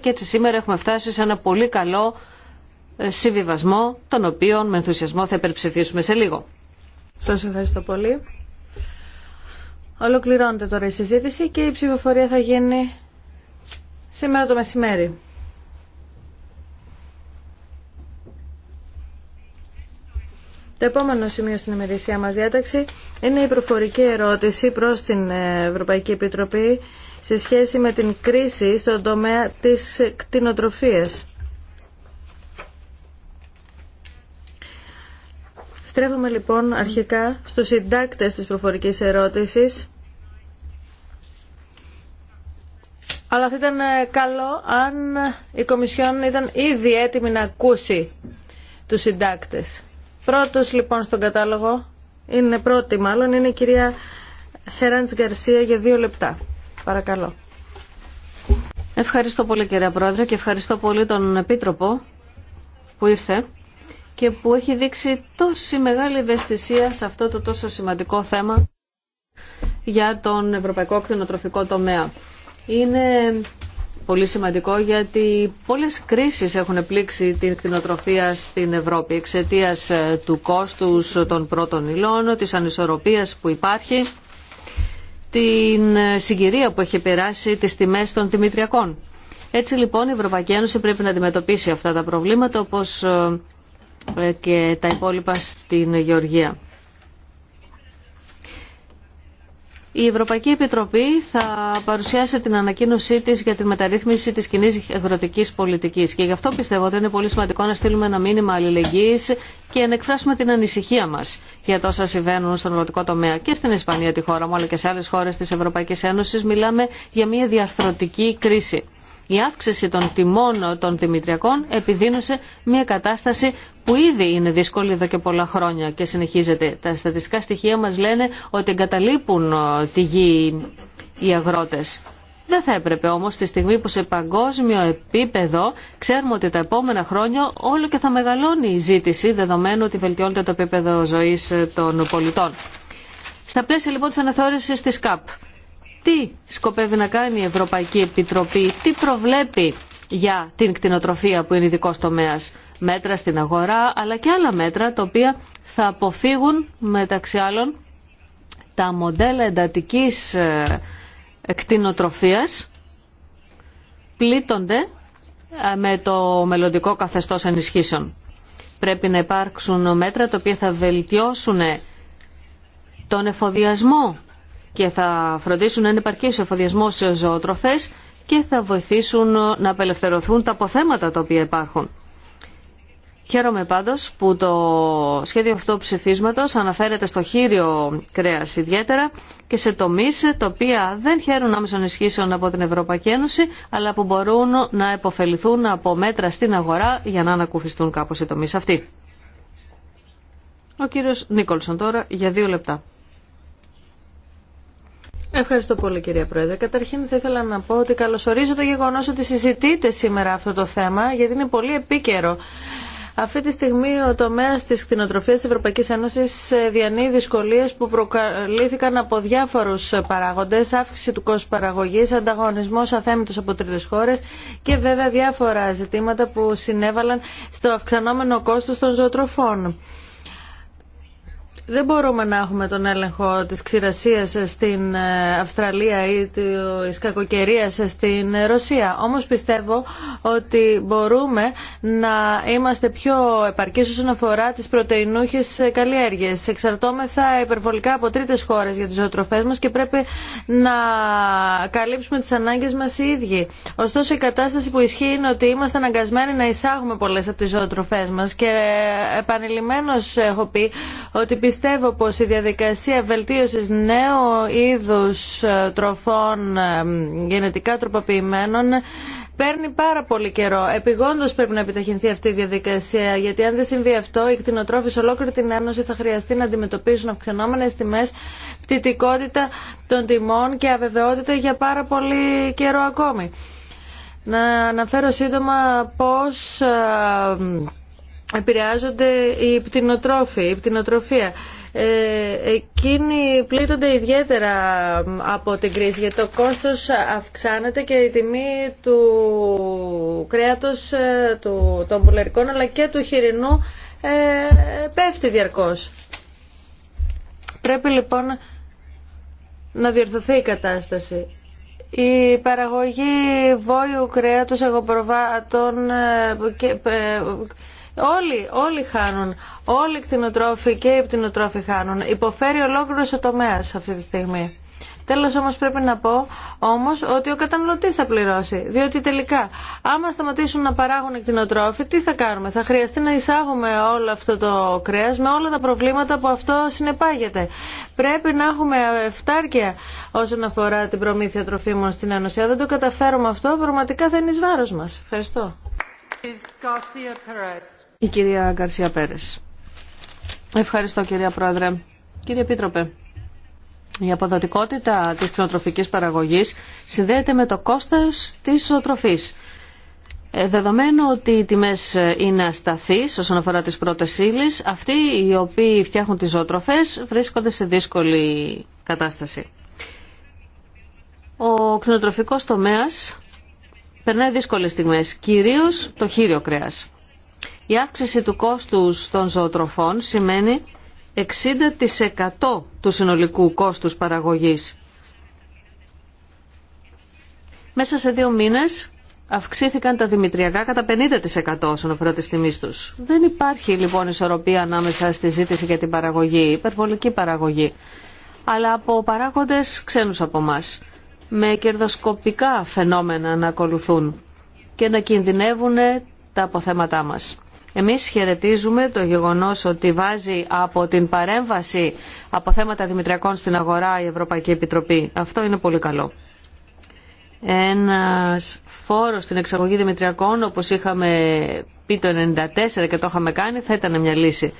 και έτσι σήμερα έχουμε φτάσει σε ένα πολύ καλό ε, συμβιβασμό, τον οποίο με ενθουσιασμό θα υπερψηφίσουμε σε λίγο. Σας ευχαριστώ πολύ. Ολοκληρώνεται τώρα η συζήτηση και η ψηφοφορία θα γίνει σήμερα το μεσημέρι. Το επόμενο σημείο στην ημερησία μας διάταξη είναι η προφορική ερώτηση προς την ε, Ευρωπαϊκή Επιτροπή σε σχέση με την κρίση στον τομέα της κτηνοτροφίας. Στρέφουμε λοιπόν αρχικά στους συντάκτες της προφορικής ερώτησης. Αλλά θα ήταν ε, καλό αν η Κομισιόν ήταν ήδη έτοιμη να ακούσει τους συντάκτες. Πρώτος λοιπόν στον κατάλογο, είναι πρώτη μάλλον, είναι η κυρία Χέραντς Γκαρσία για δύο λεπτά. Παρακαλώ. Ευχαριστώ πολύ κυρία Πρόεδρε και ευχαριστώ πολύ τον Επίτροπο που ήρθε και που έχει δείξει τόση μεγάλη ευαισθησία σε αυτό το τόσο σημαντικό θέμα για τον ευρωπαϊκό κτηνοτροφικό τομέα. Είναι πολύ σημαντικό γιατί πολλές κρίσεις έχουν πλήξει την κτηνοτροφία στην Ευρώπη εξαιτία του κόστους των πρώτων υλών, της ανισορροπίας που υπάρχει την συγκυρία που έχει περάσει τις τιμές των δημητριακών. Έτσι λοιπόν η Ευρωπαϊκή Ένωση πρέπει να αντιμετωπίσει αυτά τα προβλήματα όπως ε, και τα υπόλοιπα στην Γεωργία. Η Ευρωπαϊκή Επιτροπή θα παρουσιάσει την ανακοίνωσή τη για τη μεταρρύθμιση τη κοινή αγροτική πολιτική. Και γι' αυτό πιστεύω ότι είναι πολύ σημαντικό να στείλουμε ένα μήνυμα αλληλεγγύη και να εκφράσουμε την ανησυχία μα για τόσα συμβαίνουν στον αγροτικό τομέα. Και στην Ισπανία, τη χώρα μου, αλλά και σε άλλε χώρε τη Ευρωπαϊκή Ένωση, μιλάμε για μια διαρθρωτική κρίση. Η αύξηση των τιμών των δημητριακών επιδίνωσε μια κατάσταση που ήδη είναι δύσκολη εδώ και πολλά χρόνια και συνεχίζεται. Τα στατιστικά στοιχεία μας λένε ότι εγκαταλείπουν ε, τη γη οι αγρότες. Δεν θα έπρεπε όμως τη στιγμή που σε παγκόσμιο επίπεδο ξέρουμε ότι τα επόμενα χρόνια όλο και θα μεγαλώνει η ζήτηση δεδομένου ότι βελτιώνεται το επίπεδο ζωής ε, των πολιτών. Στα πλαίσια λοιπόν της αναθεώρησης της ΚΑΠ τι σκοπεύει να κάνει η Ευρωπαϊκή Επιτροπή, τι προβλέπει για την κτηνοτροφία που είναι ειδικό τομέα. Μέτρα στην αγορά, αλλά και άλλα μέτρα τα οποία θα αποφύγουν μεταξύ άλλων τα μοντέλα εντατικής ε, κτηνοτροφίας πλήττονται ε, με το μελλοντικό καθεστώς ενισχύσεων. Πρέπει να υπάρξουν μέτρα τα οποία θα βελτιώσουν τον εφοδιασμό και θα φροντίσουν να είναι ο εφοδιασμός σε ζωοτροφές και θα βοηθήσουν να απελευθερωθούν τα αποθέματα τα οποία υπάρχουν. Χαίρομαι πάντως που το σχέδιο αυτό ψηφίσματος αναφέρεται στο χείριο κρέας ιδιαίτερα και σε τομείς τα οποία δεν χαίρουν άμεσων ισχύσεων από την Ευρωπαϊκή Ένωση αλλά που μπορούν να επωφεληθούν από μέτρα στην αγορά για να ανακουφιστούν κάπως οι τομείς αυτοί. Ο κύριος Νίκολσον τώρα για δύο λεπτά. Ευχαριστώ πολύ κυρία Πρόεδρε. Καταρχήν θα ήθελα να πω ότι καλωσορίζω το γεγονός ότι συζητείτε σήμερα αυτό το θέμα γιατί είναι πολύ επίκαιρο. Αυτή τη στιγμή ο τομέα τη κτηνοτροφία τη Ευρωπαϊκή Ένωση ε, διανύει δυσκολίε που προκαλήθηκαν από διάφορου παράγοντε, αύξηση του κόστου παραγωγή, ανταγωνισμό αθέμητο από τρίτε χώρε και βέβαια διάφορα ζητήματα που συνέβαλαν στο αυξανόμενο κόστο των ζωοτροφών δεν μπορούμε να έχουμε τον έλεγχο της ξηρασίας στην ε, Αυστραλία ή της κακοκαιρίας στην ε, Ρωσία. Όμως πιστεύω ότι μπορούμε να είμαστε πιο επαρκείς όσον αφορά τις πρωτεϊνούχες ε, καλλιέργειες. Εξαρτώμεθα υπερβολικά από τρίτες χώρες για τις ζωοτροφές μας και πρέπει να καλύψουμε τις ανάγκες μας οι ίδιοι. Ωστόσο η κατάσταση που ισχύει είναι ότι είμαστε αναγκασμένοι να εισάγουμε πολλές από τις ζωοτροφές μας και επανειλημμένως έχω πει ότι πιστεύω Πιστεύω πως η διαδικασία βελτίωσης νέου είδους ε, τροφών ε, γενετικά τροποποιημένων παίρνει πάρα πολύ καιρό. Επιγόντως πρέπει να επιταχυνθεί αυτή η διαδικασία, γιατί αν δεν συμβεί αυτό, οι κτηνοτρόφοι σε ολόκληρη την Ένωση θα χρειαστεί να αντιμετωπίσουν αυξανόμενες τιμές, πτυτικότητα των τιμών και αβεβαιότητα για πάρα πολύ καιρό ακόμη. Να αναφέρω σύντομα πώς ε, επηρεάζονται οι πτυνοτρόφοι, η πτυνοτροφία. Ε, εκείνοι πλήττονται ιδιαίτερα από την κρίση γιατί το κόστος αυξάνεται και η τιμή του κρέατος, ε, του, των πουλερικών αλλά και του χοιρινού ε, πέφτει διαρκώς. Πρέπει λοιπόν να διορθωθεί η κατάσταση. Η παραγωγή βόλου κρέατος εγωπροβάτων... Ε, Όλοι, όλοι χάνουν. Όλοι οι κτηνοτρόφοι και οι πτηνοτρόφοι χάνουν. Υποφέρει ολόκληρο ο τομέα αυτή τη στιγμή. Τέλος όμως πρέπει να πω όμως ότι ο καταναλωτής θα πληρώσει. Διότι τελικά άμα σταματήσουν να παράγουν κτηνοτρόφοι, τι θα κάνουμε. Θα χρειαστεί να εισάγουμε όλο αυτό το κρέας με όλα τα προβλήματα που αυτό συνεπάγεται. Πρέπει να έχουμε φτάρκια όσον αφορά την προμήθεια τροφίμων στην Ένωση. Αν δεν το καταφέρουμε αυτό πραγματικά θα είναι εις βάρος μας. Ευχαριστώ. Η κυρία Γκαρσία Πέρες. Ευχαριστώ κυρία Πρόεδρε. Κύριε Επίτροπε, η αποδοτικότητα της κτηνοτροφικής παραγωγής συνδέεται με το κόστος της οτροφής. Ε, δεδομένου ότι οι τιμές είναι ασταθείς όσον αφορά τις πρώτες ύλε, αυτοί οι οποίοι φτιάχνουν τις ζωοτροφές βρίσκονται σε δύσκολη κατάσταση. Ο κτηνοτροφικός τομέας περνάει δύσκολες στιγμές, κυρίως το χείριο κρέας. Η αύξηση του κόστους των ζωοτροφών σημαίνει 60% του συνολικού κόστους παραγωγής. Μέσα σε δύο μήνες αυξήθηκαν τα δημητριακά κατά 50% όσον αφορά τις τους. Δεν υπάρχει λοιπόν ισορροπία ανάμεσα στη ζήτηση για την παραγωγή, υπερβολική παραγωγή, αλλά από παράγοντες ξένους από εμά, με κερδοσκοπικά φαινόμενα να ακολουθούν και να κινδυνεύουν τα αποθέματά μας. Εμείς χαιρετίζουμε το γεγονός ότι βάζει από την παρέμβαση από θέματα δημητριακών στην αγορά η Ευρωπαϊκή Επιτροπή. Αυτό είναι πολύ καλό. Ένας φόρος στην εξαγωγή δημητριακών, όπως είχαμε πει το 1994 και το είχαμε κάνει, θα ήταν μια λύση.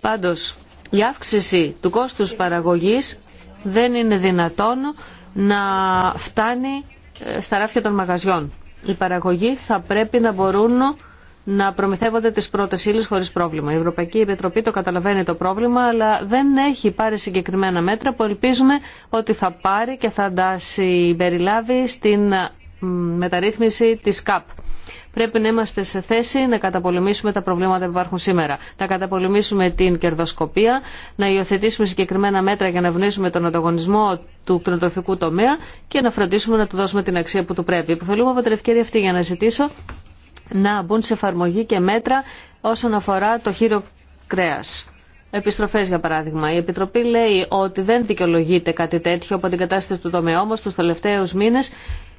Πάντως, η αύξηση του κόστους παραγωγής δεν είναι δυνατόν να φτάνει ε, στα ράφια των μαγαζιών οι παραγωγοί θα πρέπει να μπορούν να προμηθεύονται τις πρώτες ύλες χωρίς πρόβλημα. Η Ευρωπαϊκή Επιτροπή το καταλαβαίνει το πρόβλημα, αλλά δεν έχει πάρει συγκεκριμένα μέτρα που ελπίζουμε ότι θα πάρει και θα τα συμπεριλάβει στην μεταρρύθμιση της ΚΑΠ. Πρέπει να είμαστε σε θέση να καταπολεμήσουμε τα προβλήματα που υπάρχουν σήμερα. Να καταπολεμήσουμε την κερδοσκοπία, να υιοθετήσουμε συγκεκριμένα μέτρα για να ευνήσουμε τον ανταγωνισμό του κτηνοτροφικού τομέα και να φροντίσουμε να του δώσουμε την αξία που του πρέπει. Υποφελούμε από την ευκαιρία αυτή για να ζητήσω να μπουν σε εφαρμογή και μέτρα όσον αφορά το χείρο κρέας. Επιστροφέ, για παράδειγμα. Η Επιτροπή λέει ότι δεν δικαιολογείται κάτι τέτοιο από την κατάσταση του τομέα. Όμω, του τελευταίου μήνε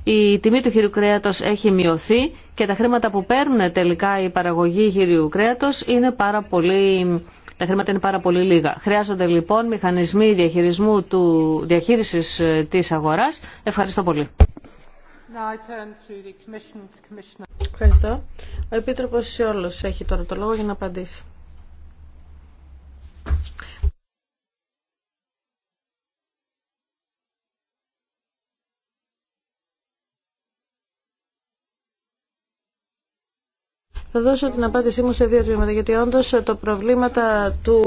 η τιμή του χειρίου κρέατος έχει μειωθεί και τα χρήματα που παίρνουν τελικά η παραγωγή χειρίου κρέατος είναι πάρα πολύ... Τα χρήματα είναι πάρα πολύ λίγα. Χρειάζονται λοιπόν μηχανισμοί διαχειρισμού του, διαχείρισης ε, της αγοράς. Ευχαριστώ πολύ. Ευχαριστώ. Ο Επίτροπος Σιόλος έχει τώρα το λόγο για να απαντήσει. Θα δώσω την απάντησή μου σε δύο τμήματα, γιατί όντως τα προβλήματα του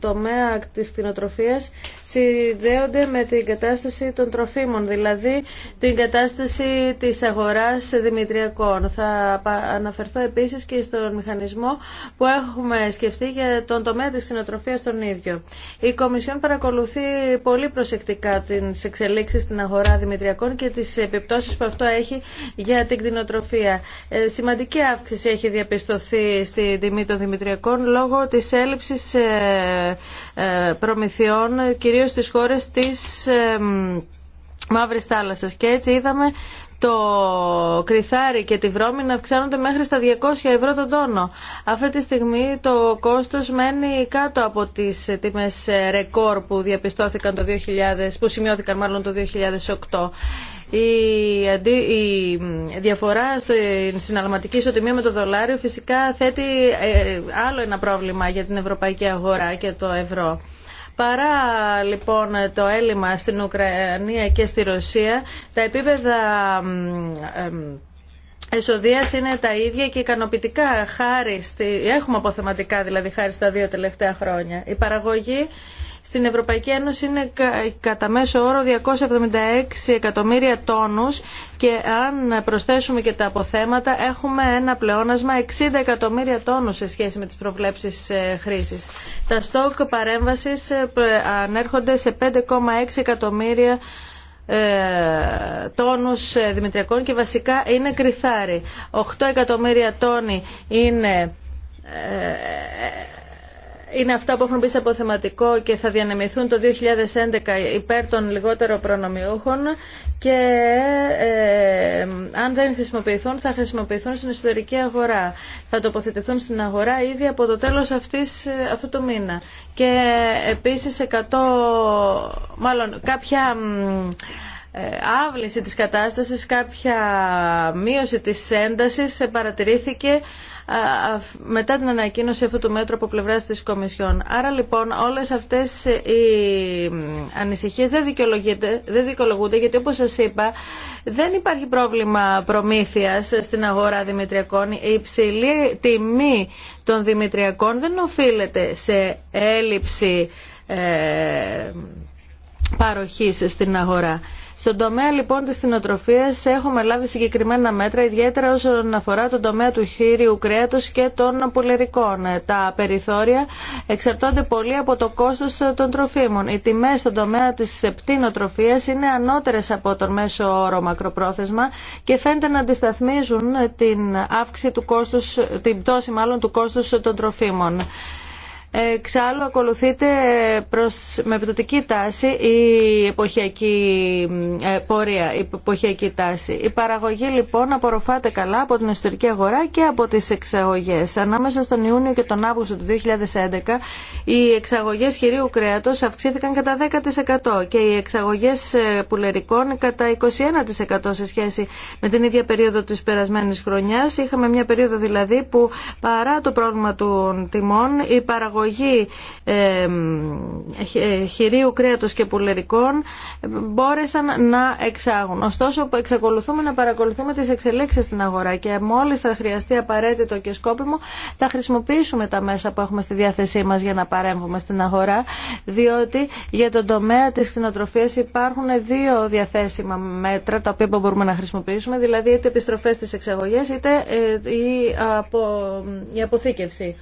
τομέα της κτηνοτροφίας συνδέονται με την κατάσταση των τροφίμων, δηλαδή την κατάσταση της αγοράς δημητριακών. Θα αναφερθώ επίσης και στον μηχανισμό που έχουμε σκεφτεί για τον τομέα της κτηνοτροφίας τον ίδιο. Η Κομισιόν παρακολουθεί πολύ προσεκτικά τις εξελίξεις στην αγορά δημητριακών και τις επιπτώσεις που αυτό έχει για την κτηνοτροφία. Ε, σημαντική αύξηση έχει διαπιστωθεί στη τιμή των δημητριακών λόγω της έλλειψης ε, ε, προμηθειών κυρίως στις χώρες της ε, Μαύρης Θάλασσας. Και έτσι είδαμε το κριθάρι και τη βρώμη να αυξάνονται μέχρι στα 200 ευρώ τον τόνο. Αυτή τη στιγμή το κόστος μένει κάτω από τις τιμές ρεκόρ που διαπιστώθηκαν το 2000, που σημειώθηκαν μάλλον το 2008. Η, η διαφορά στην συναλλαγματική ισοτιμία με το δολάριο φυσικά θέτει ε, άλλο ένα πρόβλημα για την ευρωπαϊκή αγορά και το ευρώ. Παρά λοιπόν το έλλειμμα στην Ουκρανία και στη Ρωσία, τα επίπεδα Εσοδεία είναι τα ίδια και ικανοποιητικά χάρη στη... έχουμε αποθεματικά δηλαδή χάρη στα δύο τελευταία χρόνια. Η παραγωγή στην Ευρωπαϊκή Ένωση είναι κατά μέσο όρο 276 εκατομμύρια τόνους και αν προσθέσουμε και τα αποθέματα έχουμε ένα πλεόνασμα 60 εκατομμύρια τόνους σε σχέση με τις προβλέψεις ε, χρήσης. Τα στόκ παρέμβασης ε, ανέρχονται σε 5,6 εκατομμύρια ε, τόνους δημητριακών και βασικά είναι κρυθάρι. 8 εκατομμύρια τόνοι είναι είναι αυτά που έχουν μπει σε αποθεματικό και θα διανεμηθούν το 2011 υπέρ των λιγότερων προνομιούχων και ε, αν δεν χρησιμοποιηθούν θα χρησιμοποιηθούν στην εσωτερική αγορά. Θα τοποθετηθούν στην αγορά ήδη από το τέλος αυτής, αυτού του μήνα. Και επίσης 100, μάλλον κάποια ε, άβληση της κατάστασης, κάποια μείωση της έντασης ε, παρατηρήθηκε μετά την ανακοίνωση αυτού του μέτρου από πλευράς της Κομισιόν. Άρα λοιπόν όλες αυτές οι ανησυχίες δεν, δεν δικαιολογούνται γιατί όπως σας είπα δεν υπάρχει πρόβλημα προμήθειας στην αγορά δημητριακών. Η υψηλή τιμή των δημητριακών δεν οφείλεται σε έλλειψη ε, παροχής στην αγορά. Στον τομέα λοιπόν της κτηνοτροφίας έχουμε λάβει συγκεκριμένα μέτρα, ιδιαίτερα όσον αφορά τον τομέα του χείριου κρέατος και των πουλερικών. Τα περιθώρια εξαρτώνται πολύ από το κόστος των τροφίμων. Οι τιμές στον τομέα της πτηνοτροφίας είναι ανώτερες από τον μέσο όρο μακροπρόθεσμα και φαίνεται να αντισταθμίζουν την αύξηση του κόστους, την πτώση μάλλον του κόστους των τροφίμων. Εξάλλου ακολουθείται προς, με επιδοτική τάση η εποχιακή ε, πορεία, η εποχιακή τάση. Η παραγωγή λοιπόν απορροφάται καλά από την εσωτερική αγορά και από τις εξαγωγές. Ανάμεσα στον Ιούνιο και τον Αύγουστο του 2011 οι εξαγωγές χειρίου κρέατος αυξήθηκαν κατά 10% και οι εξαγωγές ε, πουλερικών κατά 21% σε σχέση με την ίδια περίοδο της περασμένης χρονιάς. Είχαμε μια περίοδο δηλαδή που παρά το πρόβλημα των τιμών η παραγωγή παραγωγή χειρίου κρέατος και πουλερικών ε, μπόρεσαν να εξάγουν. Ωστόσο, εξακολουθούμε να παρακολουθούμε τις εξελίξεις στην αγορά και μόλις θα χρειαστεί απαραίτητο και σκόπιμο θα χρησιμοποιήσουμε τα μέσα που έχουμε στη διάθεσή μας για να παρέμβουμε στην αγορά διότι για τον τομέα της κτηνοτροφίας υπάρχουν δύο διαθέσιμα μέτρα τα οποία μπορούμε να χρησιμοποιήσουμε δηλαδή είτε επιστροφές στις εξαγωγές είτε ε, η αποθήκευση.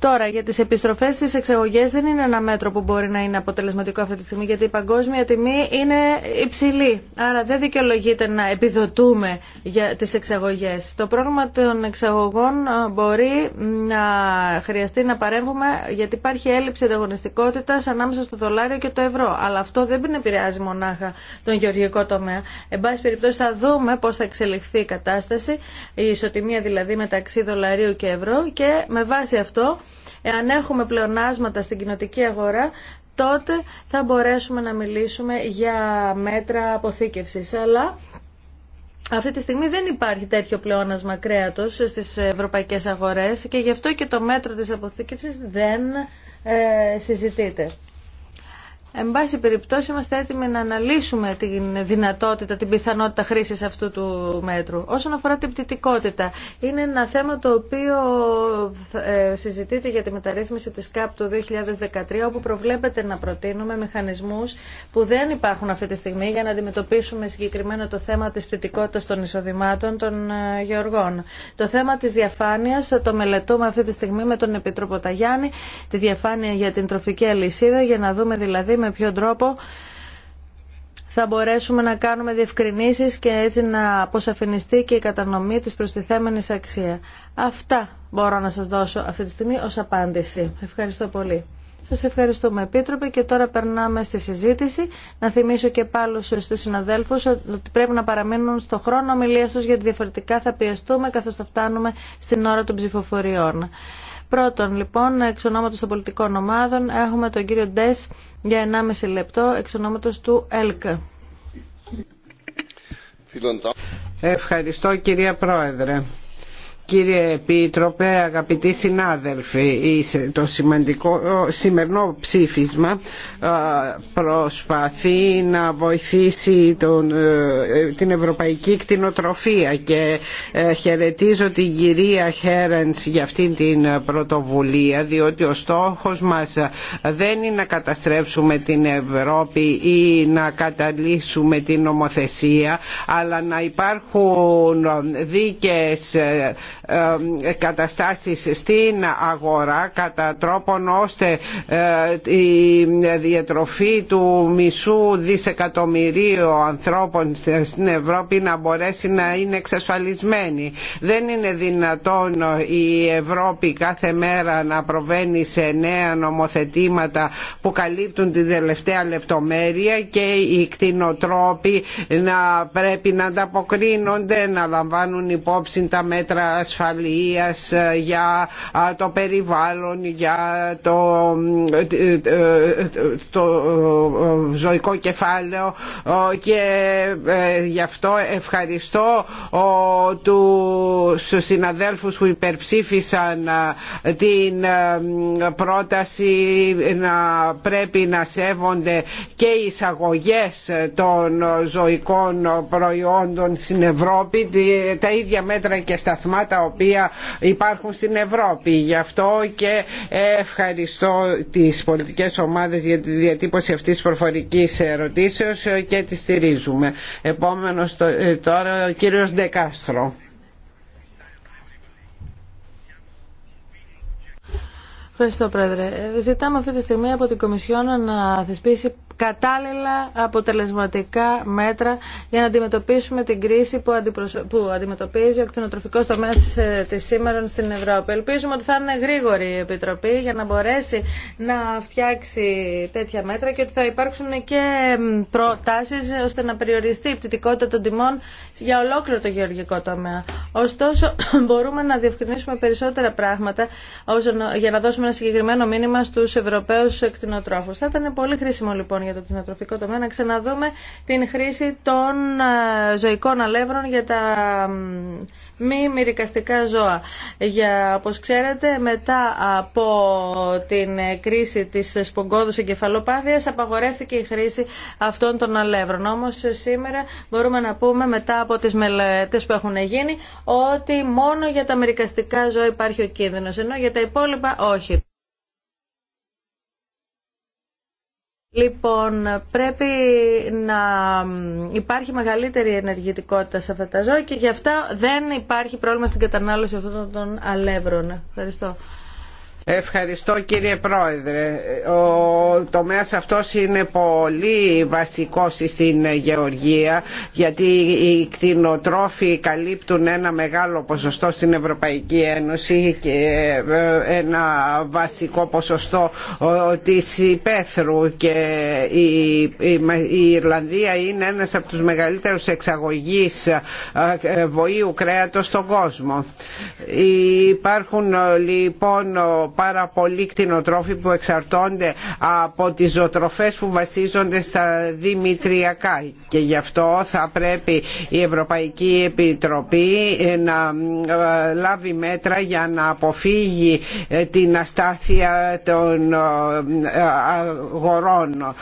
Τώρα, για τι επιστροφέ στι εξαγωγέ δεν είναι ένα μέτρο που μπορεί να είναι αποτελεσματικό αυτή τη στιγμή, γιατί η παγκόσμια τιμή είναι υψηλή. Άρα δεν δικαιολογείται να επιδοτούμε για τι εξαγωγέ. Το πρόγραμμα των εξαγωγών ε, μπορεί να χρειαστεί να παρέμβουμε, γιατί υπάρχει έλλειψη ανταγωνιστικότητα ανάμεσα στο δολάριο και το ευρώ. Αλλά αυτό δεν επηρεάζει μονάχα τον γεωργικό τομέα. Εν πάση περιπτώσει, θα δούμε πώ θα εξελιχθεί η κατάσταση, η ισοτιμία δηλαδή μεταξύ δολαρίου και ευρώ και με βάση αυτό Εάν έχουμε πλεονάσματα στην κοινοτική αγορά, τότε θα μπορέσουμε να μιλήσουμε για μέτρα αποθήκευσης. Αλλά αυτή τη στιγμή δεν υπάρχει τέτοιο πλεόνασμα κρέατος στις ευρωπαϊκές αγορές και γι' αυτό και το μέτρο της αποθήκευσης δεν ε, συζητείται. Εν πάση περιπτώσει, είμαστε έτοιμοι να αναλύσουμε την δυνατότητα, την πιθανότητα χρήση αυτού του μέτρου. Όσον αφορά την πτυτικότητα, είναι ένα θέμα το οποίο ε, συζητείται για τη μεταρρύθμιση τη ΚΑΠ του 2013, όπου προβλέπεται να προτείνουμε μηχανισμού που δεν υπάρχουν αυτή τη στιγμή για να αντιμετωπίσουμε συγκεκριμένα το θέμα τη πτυτικότητα των εισοδημάτων των ε, γεωργών. Το θέμα τη διαφάνεια το μελετούμε αυτή τη στιγμή με τον Επίτροπο Ταγιάννη, τη διαφάνεια για την τροφική αλυσίδα, για να δούμε δηλαδή με ποιον τρόπο θα μπορέσουμε να κάνουμε διευκρινήσεις και έτσι να αποσαφινιστεί και η κατανομή της προστιθέμενης αξία. Αυτά μπορώ να σας δώσω αυτή τη στιγμή ως απάντηση. Ευχαριστώ πολύ. Σας ευχαριστούμε Επίτροπε και τώρα περνάμε στη συζήτηση. Να θυμίσω και πάλι στους συναδέλφους ότι πρέπει να παραμείνουν στο χρόνο ομιλία τους γιατί διαφορετικά θα πιεστούμε καθώς θα φτάνουμε στην ώρα των ψηφοφοριών. Πρώτον, λοιπόν, εξ ονόματος των πολιτικών ομάδων έχουμε τον κύριο Ντες για 1,5 λεπτό εξ του ΕΛΚ. Ευχαριστώ κυρία Πρόεδρε. Κύριε Επίτροπε, αγαπητοί συνάδελφοι, το σημαντικό σημερινό ψήφισμα προσπαθεί να βοηθήσει τον, ε, την ευρωπαϊκή κτηνοτροφία και ε, χαιρετίζω την κυρία Χέρενς για αυτή την πρωτοβουλία διότι ο στόχος μας δεν είναι να καταστρέψουμε την Ευρώπη ή να καταλύσουμε την νομοθεσία αλλά να υπάρχουν δίκαιες ε, καταστάσεις στην αγορά κατά τρόπον ώστε ε, η διατροφή του μισού δισεκατομμυρίου ανθρώπων στην Ευρώπη να μπορέσει να είναι εξασφαλισμένη. Δεν είναι δυνατόν η Ευρώπη κάθε μέρα να προβαίνει σε νέα νομοθετήματα που καλύπτουν την τελευταία λεπτομέρεια και οι κτηνοτρόποι να πρέπει να ανταποκρίνονται, να λαμβάνουν υπόψη τα μέτρα ασφάλειας ασφαλείας, ε, για το περιβάλλον, για το, ε, ε, το ζωικό κεφάλαιο και γι' αυτό ευχαριστώ τους συναδέλφους που υπερψήφισαν την πρόταση να πρέπει να σέβονται και οι εισαγωγές των ζωικών προϊόντων στην Ευρώπη τα ίδια μέτρα και σταθμάτα οποία υπάρχουν στην Ευρώπη. Γι' αυτό και ευχαριστώ τις πολιτικές ομάδες για τη διατύπωση αυτής της προφορικής ερωτήσεως και τη στηρίζουμε. Επόμενος ε, τώρα ο κύριος Ντεκάστρο. Ευχαριστώ, Πρόεδρε. Ζητάμε αυτή τη στιγμή από την Κομισιόν να θεσπίσει κατάλληλα αποτελεσματικά μέτρα για να αντιμετωπίσουμε την κρίση που, αντιπροσω... που αντιμετωπίζει ο κτηνοτροφικός τομέας ε, της σήμερα στην Ευρώπη. Ελπίζουμε ότι θα είναι γρήγορη η Επιτροπή για να μπορέσει να φτιάξει τέτοια μέτρα και ότι θα υπάρξουν και προτάσεις ώστε να περιοριστεί η πτυτικότητα των τιμών για ολόκληρο το γεωργικό τομέα. Ωστόσο, μπορούμε να διευκρινίσουμε περισσότερα πράγματα για να δώσουμε ένα συγκεκριμένο μήνυμα στου Ευρωπαίου κτηνοτρόφου. Θα ήταν πολύ χρήσιμο λοιπόν για το κτηνοτροφικό τομέα να ξαναδούμε την χρήση των ε, ζωικών αλεύρων για τα μη μυρικαστικά ζώα. Για, όπως ξέρετε, μετά από την κρίση της σπογκόδου εγκεφαλοπάθειας απαγορεύτηκε η χρήση αυτών των αλεύρων. Όμως σήμερα μπορούμε να πούμε μετά από τις μελετές που έχουν γίνει ότι μόνο για τα μυρικαστικά ζώα υπάρχει ο κίνδυνος, ενώ για τα υπόλοιπα όχι. Λοιπόν, πρέπει να υπάρχει μεγαλύτερη ενεργητικότητα σε αυτά τα ζώα και γι' αυτά δεν υπάρχει πρόβλημα στην κατανάλωση αυτών των αλεύρων. Ευχαριστώ. Ευχαριστώ κύριε Πρόεδρε. Ο τομέας αυτός είναι πολύ βασικός στην γεωργία γιατί οι κτηνοτρόφοι καλύπτουν ένα μεγάλο ποσοστό στην Ευρωπαϊκή Ένωση και ε, ένα βασικό ποσοστό ε, της υπαίθρου και η Ιρλανδία είναι ένας από τους μεγαλύτερους εξαγωγείς ε, βοήου κρέατος στον κόσμο. Υπάρχουν λοιπόν πάρα πολλοί κτηνοτρόφοι που εξαρτώνται από τις ζωοτροφές που βασίζονται στα δημητριακά και γι' αυτό θα πρέπει η Ευρωπαϊκή Επιτροπή ε, να ε, λάβει μέτρα για να αποφύγει ε, την αστάθεια των αγορών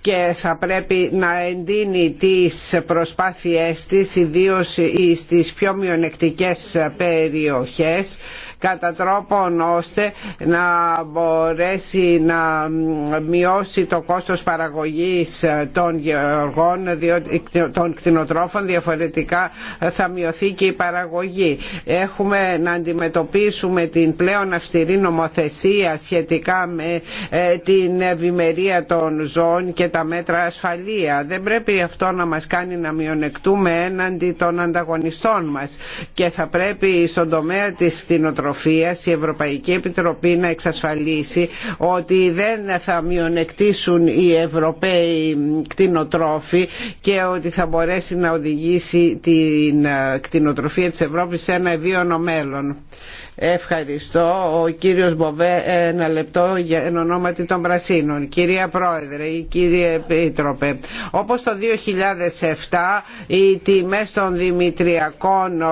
και θα πρέπει να εντείνει τις προσπάθειές της ιδίως στις πιο μειονεκτικές περιοχές κατά τρόπον ώστε να μπορέσει να μειώσει το κόστος παραγωγής των γεωργών, των κτηνοτρόφων, διαφορετικά θα μειωθεί και η παραγωγή. Έχουμε να αντιμετωπίσουμε την πλέον αυστηρή νομοθεσία σχετικά με ε, την ευημερία των ζώων και τα μέτρα ασφαλεία. Δεν πρέπει αυτό να μας κάνει να μειονεκτούμε έναντι των ανταγωνιστών μας και θα πρέπει στον τομέα της κτηνοτροφίας η Ευρωπαϊκή Επιτροπή να εξασφαλίσει ότι δεν θα μειονεκτήσουν οι Ευρωπαίοι κτηνοτρόφοι και ότι θα μπορέσει να οδηγήσει την κτηνοτροφία της Ευρώπης σε ένα ευίωνο μέλλον. Ευχαριστώ. Ο κύριος Μποβέ, ένα λεπτό για εν ονόματι των Πρασίνων. Κυρία Πρόεδρε ή κύριε Επίτροπε, όπως το 2007 οι τιμές των δημητριακών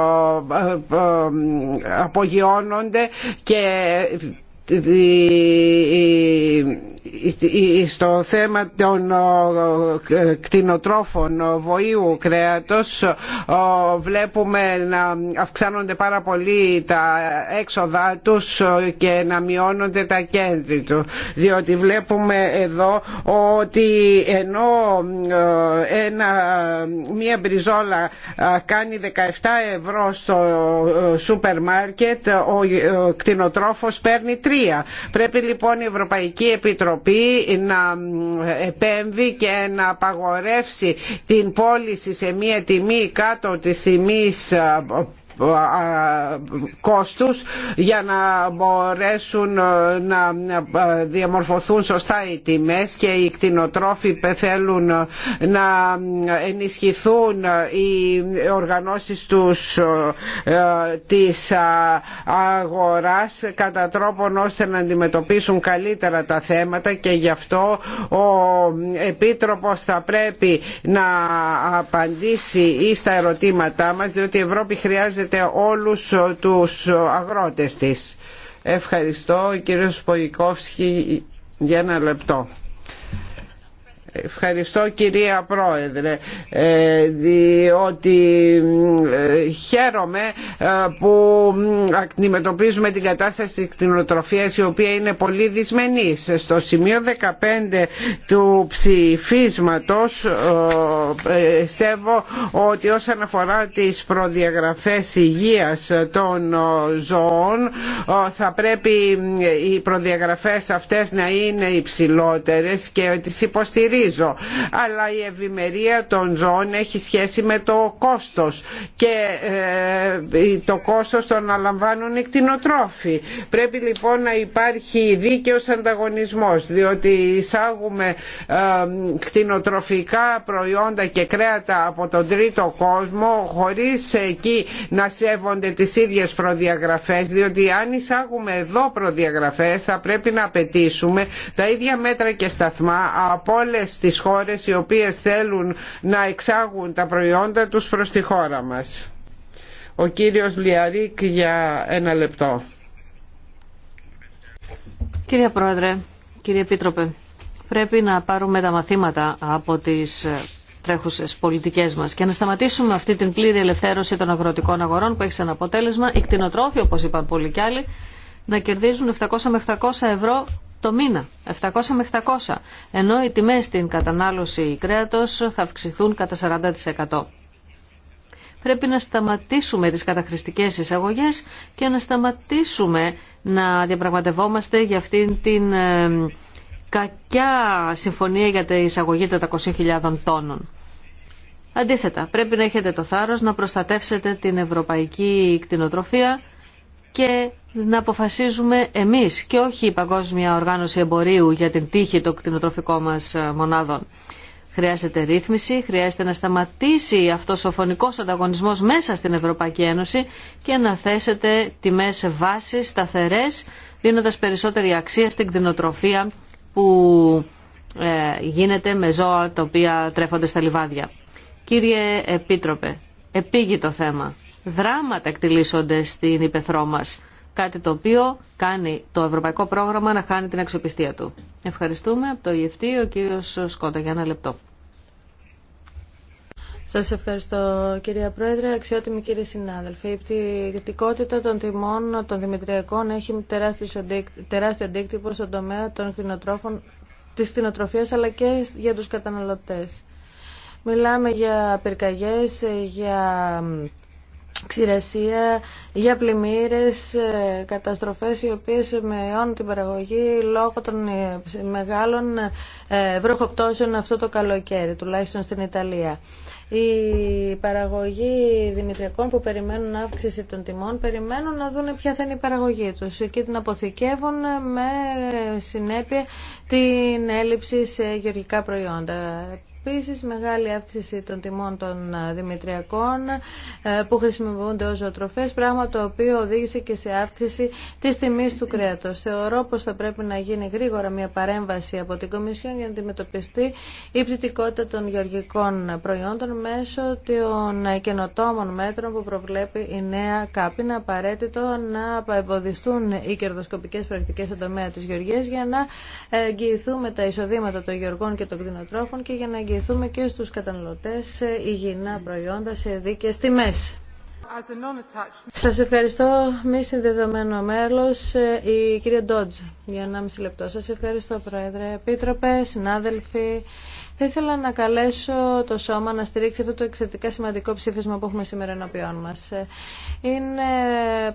απογειώνονται και στο θέμα των κτηνοτρόφων βοήου κρέατος βλέπουμε να αυξάνονται πάρα πολύ τα έξοδά τους και να μειώνονται τα κέντρη του διότι βλέπουμε εδώ ότι ενώ ένα, μία μπριζόλα κάνει 17 ευρώ στο σούπερ μάρκετ ο κτηνοτρόφος παίρνει 3 πρέπει λοιπόν η Ευρωπαϊκή Επιτροπή να επέμβει και να απαγορεύσει την πώληση σε μία τιμή κάτω της τιμής κόστους για να μπορέσουν ε, να ε, διαμορφωθούν σωστά οι τιμές και οι κτηνοτρόφοι θέλουν ε, να ενισχυθούν οι οργανώσεις τους της αγοράς κατά τρόπον ώστε να αντιμετωπίσουν καλύτερα τα θέματα και γι' αυτό ο Επίτροπος θα πρέπει να απαντήσει ή στα ερωτήματά μας διότι η Ευρώπη χρειάζεται Όλου όλους τους αγρότες της. Ευχαριστώ κύριος Σπογικόφσκι για ένα λεπτό. Ευχαριστώ κυρία Πρόεδρε ε, διότι ε, χαίρομαι ε, που αντιμετωπίζουμε την κατάσταση της κτηνοτροφίας η οποία είναι πολύ δυσμενής. Στο σημείο 15 του ψηφίσματος πιστεύω ότι όσον αφορά τις προδιαγραφές υγείας των ζώων θα πρέπει οι προδιαγραφές αυτές να είναι υψηλότερες και τις υποστηρίζουμε αλλά η ευημερία των ζώων έχει σχέση με το κόστος και ε, το κόστος το αναλαμβάνουν οι κτηνοτρόφοι πρέπει λοιπόν να υπάρχει δίκαιος ανταγωνισμός διότι εισάγουμε ε, κτηνοτροφικά προϊόντα και κρέατα από τον τρίτο κόσμο χωρίς εκεί να σέβονται τις ίδιες προδιαγραφές διότι αν εισάγουμε εδώ προδιαγραφές θα πρέπει να απαιτήσουμε τα ίδια μέτρα και σταθμά από στις τις χώρες οι οποίες θέλουν να εξάγουν τα προϊόντα τους προς τη χώρα μας. Ο κύριος Λιαρίκ για ένα λεπτό. Κύριε Πρόεδρε, κύριε Επίτροπε, πρέπει να πάρουμε τα μαθήματα από τις τρέχουσες πολιτικές μας και να σταματήσουμε αυτή την πλήρη ελευθέρωση των αγροτικών αγορών που έχει σαν αποτέλεσμα οι κτηνοτρόφοι, όπως είπαν πολλοί κι άλλοι, να κερδίζουν 700 με 800 ευρώ το μήνα, 700 με 800, ενώ οι τιμές στην κατανάλωση κρέατος θα αυξηθούν κατά 40%. Πρέπει να σταματήσουμε τις καταχρηστικές εισαγωγές και να σταματήσουμε να διαπραγματευόμαστε για αυτήν την ε, κακιά συμφωνία για την εισαγωγή 400.000 τόνων. Αντίθετα, πρέπει να έχετε το θάρρος να προστατεύσετε την ευρωπαϊκή κτηνοτροφία και να αποφασίζουμε εμείς και όχι η Παγκόσμια Οργάνωση Εμπορίου για την τύχη των κτηνοτροφικών μας ε, μονάδων. Χρειάζεται ρύθμιση, χρειάζεται να σταματήσει αυτός ο φωνικός ανταγωνισμός μέσα στην Ευρωπαϊκή Ένωση και να θέσετε τιμές βάσης σταθερές, δίνοντας περισσότερη αξία στην κτηνοτροφία που ε, γίνεται με ζώα τα οποία τρέφονται στα λιβάδια. Κύριε Επίτροπε, επίγει το θέμα. Δράματα εκτιλήσονται στην υπεθρό κάτι το οποίο κάνει το ευρωπαϊκό πρόγραμμα να χάνει την αξιοπιστία του. Ευχαριστούμε. Από το ΙΕΦΤ e ο κύριος Σκότα για ένα λεπτό. Σας ευχαριστώ κυρία Πρόεδρε, αξιότιμοι κύριοι συνάδελφοι. Η πτυτικότητα των τιμών των δημητριακών έχει τεράστιο αντίκτυπο στον τομέα των κτηνοτρόφων, τη κτηνοτροφίας αλλά και για του καταναλωτέ. Μιλάμε για πυρκαγιέ, για ξηρασία, για πλημμύρες, ε, καταστροφές οι οποίες μειώνουν την παραγωγή λόγω των ε, μεγάλων ε, βροχοπτώσεων αυτό το καλοκαίρι, τουλάχιστον στην Ιταλία. Οι παραγωγοί δημητριακών που περιμένουν αύξηση των τιμών περιμένουν να δουν ποια θα είναι η παραγωγή τους και την αποθηκεύουν με συνέπεια την έλλειψη σε γεωργικά προϊόντα. Επίσης, μεγάλη αύξηση των τιμών των ε, δημητριακών ε, που χρησιμοποιούνται ως ζωοτροφές, πράγμα το οποίο οδήγησε και σε αύξηση της τιμής του κρέατος. Θεωρώ πως θα πρέπει να γίνει γρήγορα μια παρέμβαση από την Κομισιόν για να αντιμετωπιστεί η πτυτικότητα των γεωργικών προϊόντων μέσω των καινοτόμων μέτρων που προβλέπει η νέα ΚΑΠΗ. Είναι απαραίτητο να εμποδιστούν οι κερδοσκοπικές πρακτικές στον τομέα της γεωργίας για να εγγυηθούμε τα εισοδήματα των γεωργών και των κτηνοτρόφων και για να εγγυηθούμε και στους καταναλωτές υγιεινά προϊόντα σε δίκαιες τιμές. Σας ευχαριστώ, μη συνδεδεμένο μέλος, ε, η κυρία Ντότζ, για 1,5 λεπτό. Σας ευχαριστώ, Πρόεδρε, Επίτροπε, συνάδελφοι. Θα ήθελα να καλέσω το Σώμα να στηρίξει αυτό το εξαιρετικά σημαντικό ψήφισμα που έχουμε σήμερα ενώπιόν μα. Είναι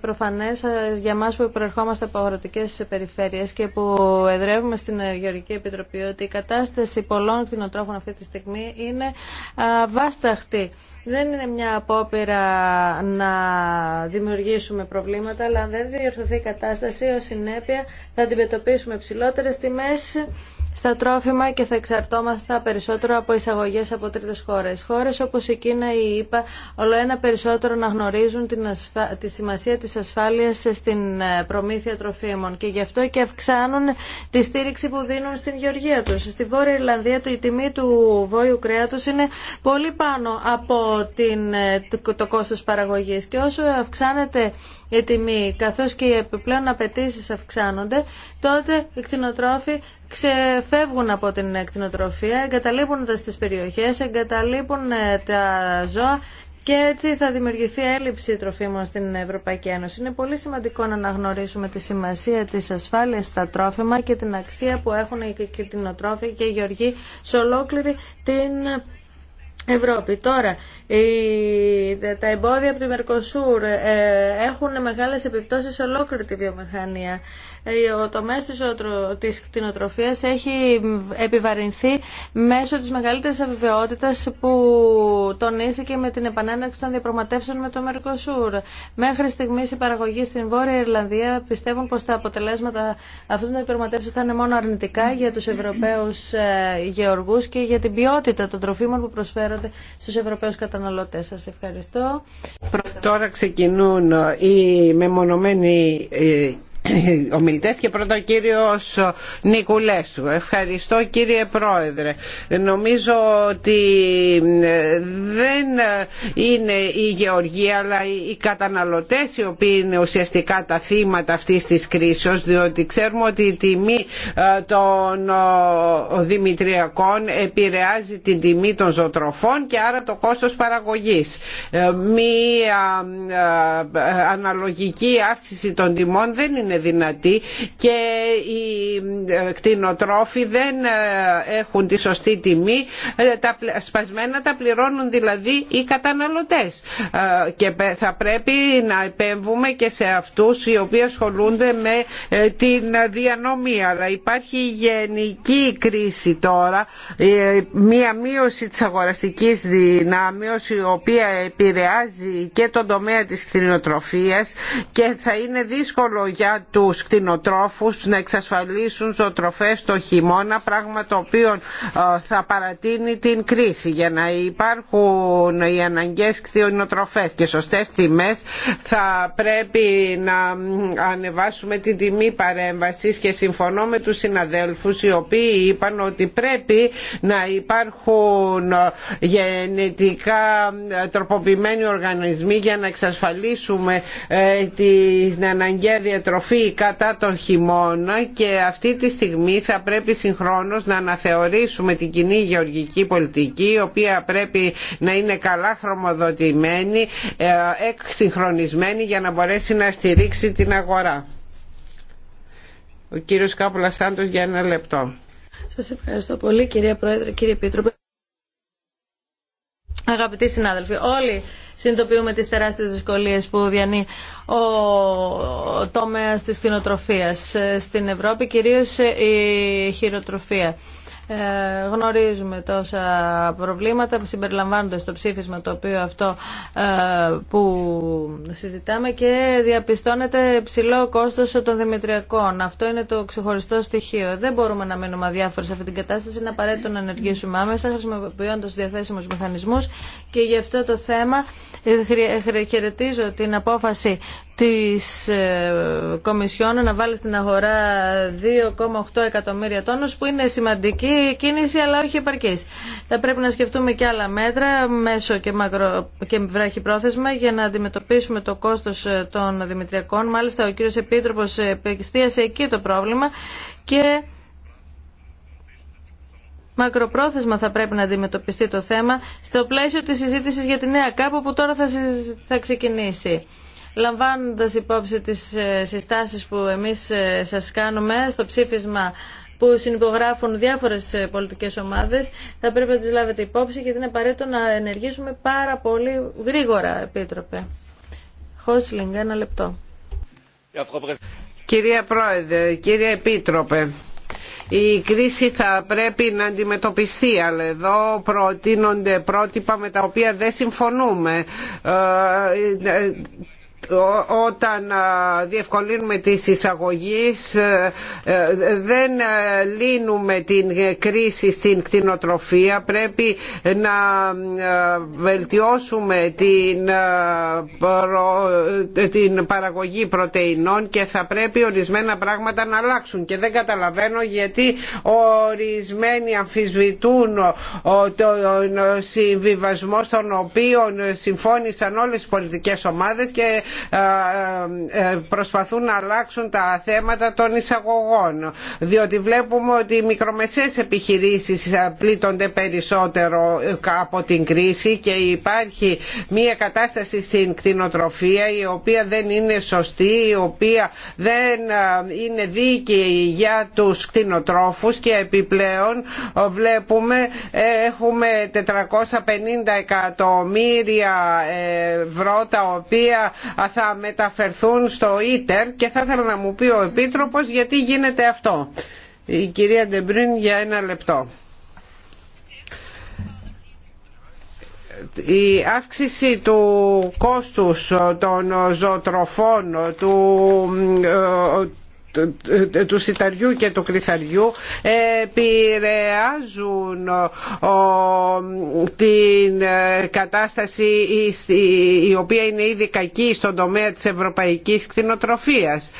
προφανέ ε, για εμά που προερχόμαστε από αγροτικέ περιφέρειες και που εδρεύουμε στην Γεωργική Επιτροπή ότι η κατάσταση πολλών κτηνοτρόφων αυτή τη στιγμή είναι βάσταχτη. Δεν είναι μια απόπειρα να δημιουργήσουμε προβλήματα, αλλά αν δεν διορθωθεί η κατάσταση, ω συνέπεια θα αντιμετωπίσουμε ψηλότερε τιμέ στα τρόφιμα και θα εξαρτώμαστε περισσότερο από εισαγωγέ από τρίτες χώρε. Χώρε όπω η Κίνα ή η ΕΠΑ όλο ένα περισσότερο να γνωρίζουν την τη σημασία τη ασφάλεια στην ε, προμήθεια τροφίμων και γι' αυτό και αυξάνουν τη στήριξη που δίνουν στην γεωργία του. Στη Βόρεια Ιρλανδία η τιμή του βόλου κρέατος είναι πολύ πάνω από την... Ε, το κόστο παραγωγή. και όσο αυξάνεται η τιμή καθώ και οι επιπλέον απαιτήσει αυξάνονται τότε οι κτηνοτρόφοι ξεφεύγουν από την εκτινοτροφία, εγκαταλείπουν τα στις περιοχές, εγκαταλείπουν ε, τα ζώα και έτσι θα δημιουργηθεί έλλειψη τροφίμων στην Ευρωπαϊκή Ένωση. Είναι πολύ σημαντικό να αναγνωρίσουμε τη σημασία της ασφάλειας στα τρόφιμα και την αξία που έχουν οι κοινοτρόφοι και οι γεωργοί σε ολόκληρη την Ευρώπη. Τώρα, τα εμπόδια από τη Μερκοσούρ ε, έχουν μεγάλες επιπτώσεις σε ολόκληρη τη βιομηχανία. Ε, ο τομέας της, της κτηνοτροφίας έχει επιβαρυνθεί μέσω της μεγαλύτερης αβεβαιότητας που τονίστηκε με την επανέναρξη των διαπραγματεύσεων με το Μερκοσούρ. Μέχρι στιγμής οι παραγωγοί στην Βόρεια Ιρλανδία πιστεύουν πως τα αποτελέσματα αυτών των διαπραγματεύσεων θα είναι μόνο αρνητικά για τους Ευρωπαίους ε, γεωργούς και για την ποιότητα των τροφίμων που προσφέρουν Στου στους Ευρωπαίους καταναλωτές. Σας ευχαριστώ. Τώρα ξεκινούν οι μεμονωμένοι ε, ομιλητές και πρώτα ο κύριος Νικουλέσου. Ευχαριστώ κύριε Πρόεδρε. Νομίζω ότι ε, δεν είναι η γεωργία αλλά οι καταναλωτές οι οποίοι είναι ουσιαστικά τα θύματα αυτής της κρίσης διότι ξέρουμε ότι η τιμή ε, των δημητριακών επηρεάζει την τιμή των Ζωτροφών και άρα το κόστος παραγωγής. Ε, μία αναλογική αύξηση των τιμών δεν είναι είναι δυνατή και οι ε, κτηνοτρόφοι δεν ε, έχουν τη σωστή τιμή. Ε, τα σπασμένα τα πληρώνουν δηλαδή οι καταναλωτές και θα πρέπει να επέμβουμε και σε αυτούς οι οποίοι ασχολούνται με την διανομή. Αλλά υπάρχει γενική κρίση τώρα, μία μείωση της αγοραστικής δυνάμεως η οποία επηρεάζει και τον τομέα της κτηνοτροφίας και θα είναι δύσκολο για τους κτηνοτρόφους να εξασφαλίσουν ζωοτροφές το χειμώνα πράγμα το οποίο ε, θα παρατείνει την κρίση για να υπάρχουν οι αναγκαίες κτηνοτροφές και σωστές τιμές θα πρέπει να ανεβάσουμε την τιμή παρέμβασης και συμφωνώ με τους συναδέλφους οι οποίοι είπαν ότι πρέπει να υπάρχουν ε, γενετικά ε, τροποποιημένοι οργανισμοί για να εξασφαλίσουμε την αναγκαία διατροφή κατά τον χειμώνα και αυτή τη στιγμή θα πρέπει συγχρόνως να αναθεωρήσουμε την κοινή γεωργική πολιτική η οποία πρέπει να είναι καλά χρωμοδοτημένη, ε, εξυγχρονισμένη για να μπορέσει να στηρίξει την αγορά. Ο κύριος Κάπουλα Σάντος για ένα λεπτό. Σας ευχαριστώ πολύ κυρία Πρόεδρε, κύριε Επίτροπε. Αγαπητοί συνάδελφοι, όλοι συνειδητοποιούμε τις τεράστιες δυσκολίες που διανύει ο τομέας της κτηνοτροφίας στην Ευρώπη, κυρίως η χειροτροφία. Ε, γνωρίζουμε τόσα προβλήματα συμπεριλαμβάνοντας το ψήφισμα το οποίο αυτό ε, που συζητάμε και διαπιστώνεται ψηλό κόστος των δημητριακών. Αυτό είναι το ξεχωριστό στοιχείο. Δεν μπορούμε να μείνουμε αδιάφοροι σε αυτή την κατάσταση. Είναι απαραίτητο να ενεργήσουμε άμεσα χρησιμοποιώντα διαθέσιμους μηχανισμούς και γι' αυτό το θέμα ε, χαιρετίζω την απόφαση της Κομισιόν να βάλει στην αγορά 2,8 εκατομμύρια τόνους που είναι σημαντική κίνηση αλλά όχι επαρκή. Θα πρέπει να σκεφτούμε και άλλα μέτρα μέσω και, μακρο... και βράχη πρόθεσμα για να αντιμετωπίσουμε το κόστος ε, των δημητριακών. Μάλιστα ο κύριος Επίτροπο επεκστίασε εκεί το πρόβλημα και μακροπρόθεσμα θα πρέπει να αντιμετωπιστεί το θέμα στο πλαίσιο της συζήτησης για τη νέα κάπου που τώρα θα, θα ξεκινήσει. Λαμβάνοντας υπόψη τις ε, συστάσεις που εμείς ε, σας κάνουμε στο ψήφισμα που συνυπογράφουν διάφορες ε, πολιτικές ομάδες θα πρέπει να τις λάβετε υπόψη γιατί είναι απαραίτητο να ενεργήσουμε πάρα πολύ γρήγορα, Επίτροπε. Χόσλινγκ, ένα λεπτό. Κυρία Πρόεδρε, κύριε Επίτροπε, η κρίση θα πρέπει να αντιμετωπιστεί αλλά εδώ προτείνονται πρότυπα με τα οποία δεν συμφωνούμε ε, ε, όταν διευκολύνουμε τις εισαγωγές ε, ε, δεν ε, λύνουμε την κρίση στην κτηνοτροφία πρέπει να βελτιώσουμε την, παραγωγή πρωτεϊνών και θα πρέπει ορισμένα πράγματα να αλλάξουν και δεν καταλαβαίνω γιατί ορισμένοι αμφισβητούν τον συμβιβασμό στον οποίο συμφώνησαν όλες οι πολιτικές ομάδες και ε, ε, προσπαθούν να αλλάξουν τα θέματα των εισαγωγών διότι βλέπουμε ότι οι μικρομεσαίες επιχειρήσεις ε, πλήττονται περισσότερο από την κρίση και υπάρχει μια κατάσταση στην κτηνοτροφία η οποία δεν είναι σωστή η οποία δεν είναι δίκαιη για τους κτηνοτρόφους και επιπλέον βλέπουμε έχουμε 450 εκατομμύρια ευρώ τα οποία θα μεταφερθούν στο ίτερ και θα ήθελα να μου πει ο Επίτροπος γιατί γίνεται αυτό. Η κυρία Ντεμπρίν για ένα λεπτό. η αύξηση του κόστους των ζωοτροφών του, ε, ε, ε, του σιταριού και του κρυθαριού επηρεάζουν την ε, κατάσταση η οποία είναι ήδη κακή στον τομέα της ευρωπαϊκής κτηνοτροφίας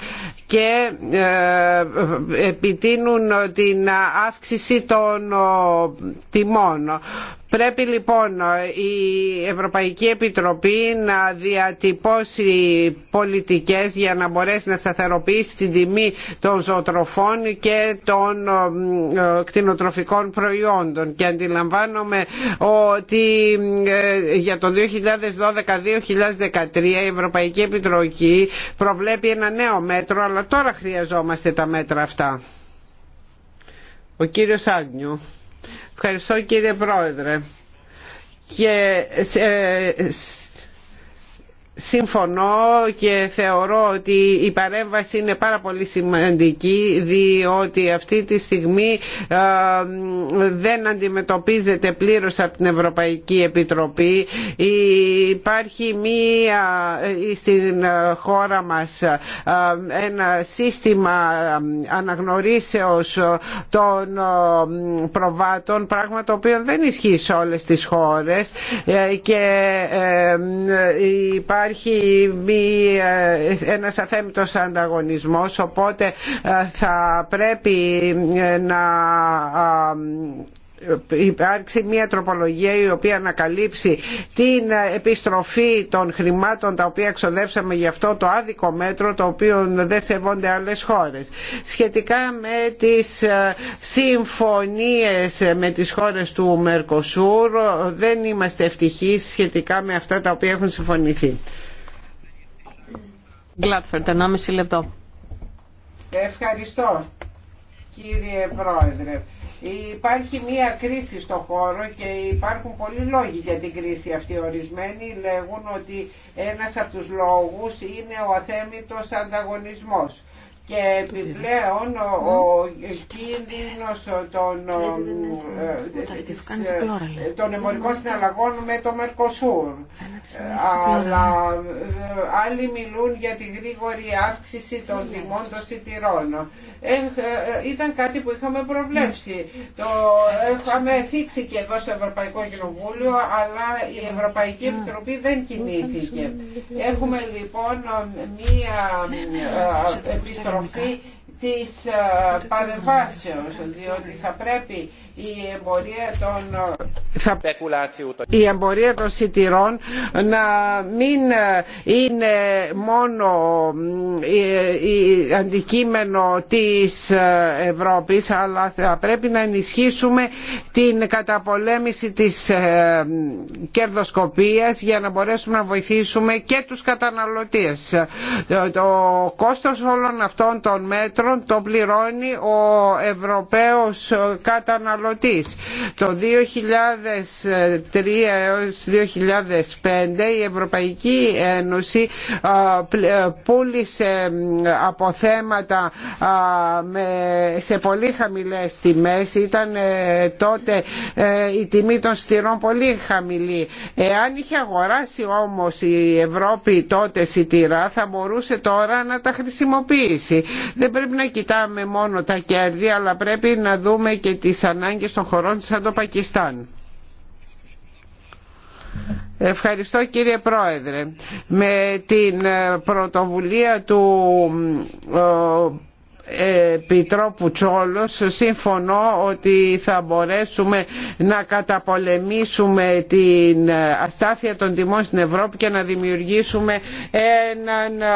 και επιτείνουν την αύξηση των τιμών. Πρέπει λοιπόν η Ευρωπαϊκή Επιτροπή να διατυπώσει πολιτικές για να μπορέσει να σταθεροποιήσει την τιμή των ζωοτροφών και των ε, ε, κτηνοτροφικών προϊόντων. Και αντιλαμβάνομαι ότι ε, για το 2012-2013 η Ευρωπαϊκή Επιτροπή προβλέπει ένα νέο μέτρο, αλλά τώρα χρειαζόμαστε τα μέτρα αυτά. Ο κύριος Άγνιου. Ευχαριστώ κύριε Πρόεδρε. Και σε, Συμφωνώ και θεωρώ ότι η παρέμβαση είναι πάρα πολύ σημαντική διότι αυτή τη στιγμή ε, δεν αντιμετωπίζεται πλήρως από την Ευρωπαϊκή Επιτροπή. Ε, υπάρχει μία ε, στην χώρα μας ένα σύστημα αναγνωρίσεως των προβάτων πράγμα το οποίο δεν ισχύει σε όλες τις χώρες και υπάρχει υπάρχει ένας αθέμητος ανταγωνισμός οπότε ε, θα πρέπει ε, να υπάρξει μια τροπολογία η οποία να καλύψει την επιστροφή των χρημάτων τα οποία ξοδέψαμε για αυτό το άδικο μέτρο το οποίο δεν σεβόνται άλλες χώρες. Σχετικά με τις ε, συμφωνίες με τις χώρες του Μερκοσούρ δεν είμαστε ευτυχείς σχετικά με αυτά τα οποία έχουν συμφωνηθεί. ένα 1,5 λεπτό. Ευχαριστώ κύριε Πρόεδρε. Υπάρχει μία κρίση στο χώρο και υπάρχουν πολλοί λόγοι για την κρίση αυτή. Ορισμένοι λέγουν ότι ένας από τους λόγους είναι ο αθέμητος ανταγωνισμός και επιπλέον ο κίνδυνος των εμπορικών συναλλαγών με το Μερκοσούρ. Αλλά άλλοι μιλούν για τη γρήγορη αύξηση των τιμών των σιτηρών. Ήταν κάτι που είχαμε προβλέψει. Το είχαμε θίξει και εδώ στο Ευρωπαϊκό Κοινοβούλιο, αλλά η Ευρωπαϊκή Επιτροπή δεν κινήθηκε. Έχουμε λοιπόν μία επιστροφή Τη της ε, παρεμβάσεως, διότι θα πρέπει η εμπορία των σιτηρών να μην είναι μόνο αντικείμενο της Ευρώπης αλλά θα πρέπει να ενισχύσουμε την καταπολέμηση της ε, κερδοσκοπίας για να μπορέσουμε να βοηθήσουμε και τους καταναλωτές. Το κόστος όλων αυτών των μέτρων το πληρώνει ο Ευρωπαίος καταναλωτής το 2003 έως 2005 η Ευρωπαϊκή Ένωση πούλησε αποθέματα σε πολύ χαμηλές τιμές. Ήταν ε, τότε ε, η τιμή των στυρών πολύ χαμηλή. Εάν είχε αγοράσει όμως η Ευρώπη τότε σιτηρά θα μπορούσε τώρα να τα χρησιμοποιήσει. Δεν πρέπει να κοιτάμε μόνο τα κέρδη αλλά πρέπει να δούμε και τις ανάγκες ανάγκες των χωρών σαν το Πακιστάν. Ευχαριστώ κύριε Πρόεδρε. Με την ε, πρωτοβουλία του ε, Επιτρόπου Τσόλος σύμφωνο ότι θα μπορέσουμε να καταπολεμήσουμε την αστάθεια των τιμών στην Ευρώπη και να δημιουργήσουμε έναν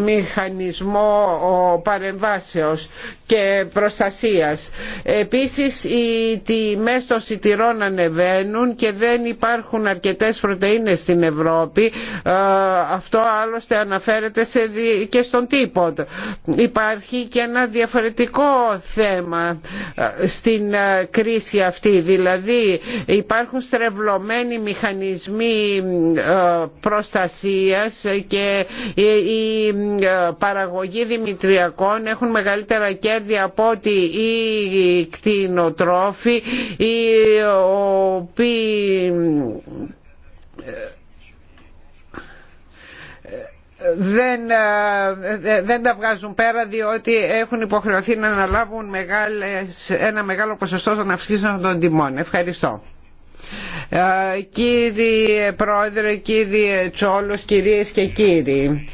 μηχανισμό παρεμβάσεως και προστασίας. Επίσης οι τιμές των σιτηρών ανεβαίνουν και δεν υπάρχουν αρκετές πρωτεΐνες στην Ευρώπη. Αυτό άλλωστε αναφέρεται και στον τύπο. Υπάρχει και ένα διαφορετικό θέμα ε, στην ε, κρίση αυτή. Δηλαδή υπάρχουν στρεβλωμένοι μηχανισμοί ε, προστασίας και η παραγωγή δημητριακών έχουν μεγαλύτερα κέρδη από ότι οι κτηνοτρόφοι οι δεν, ε, δεν τα βγάζουν πέρα διότι έχουν υποχρεωθεί να αναλάβουν μεγάλες, ένα μεγάλο ποσοστό των αυξήσεων των τιμών. Ευχαριστώ. Ε, κύριε Πρόεδρε, κύριε Τσόλος, κυρίες και κύριοι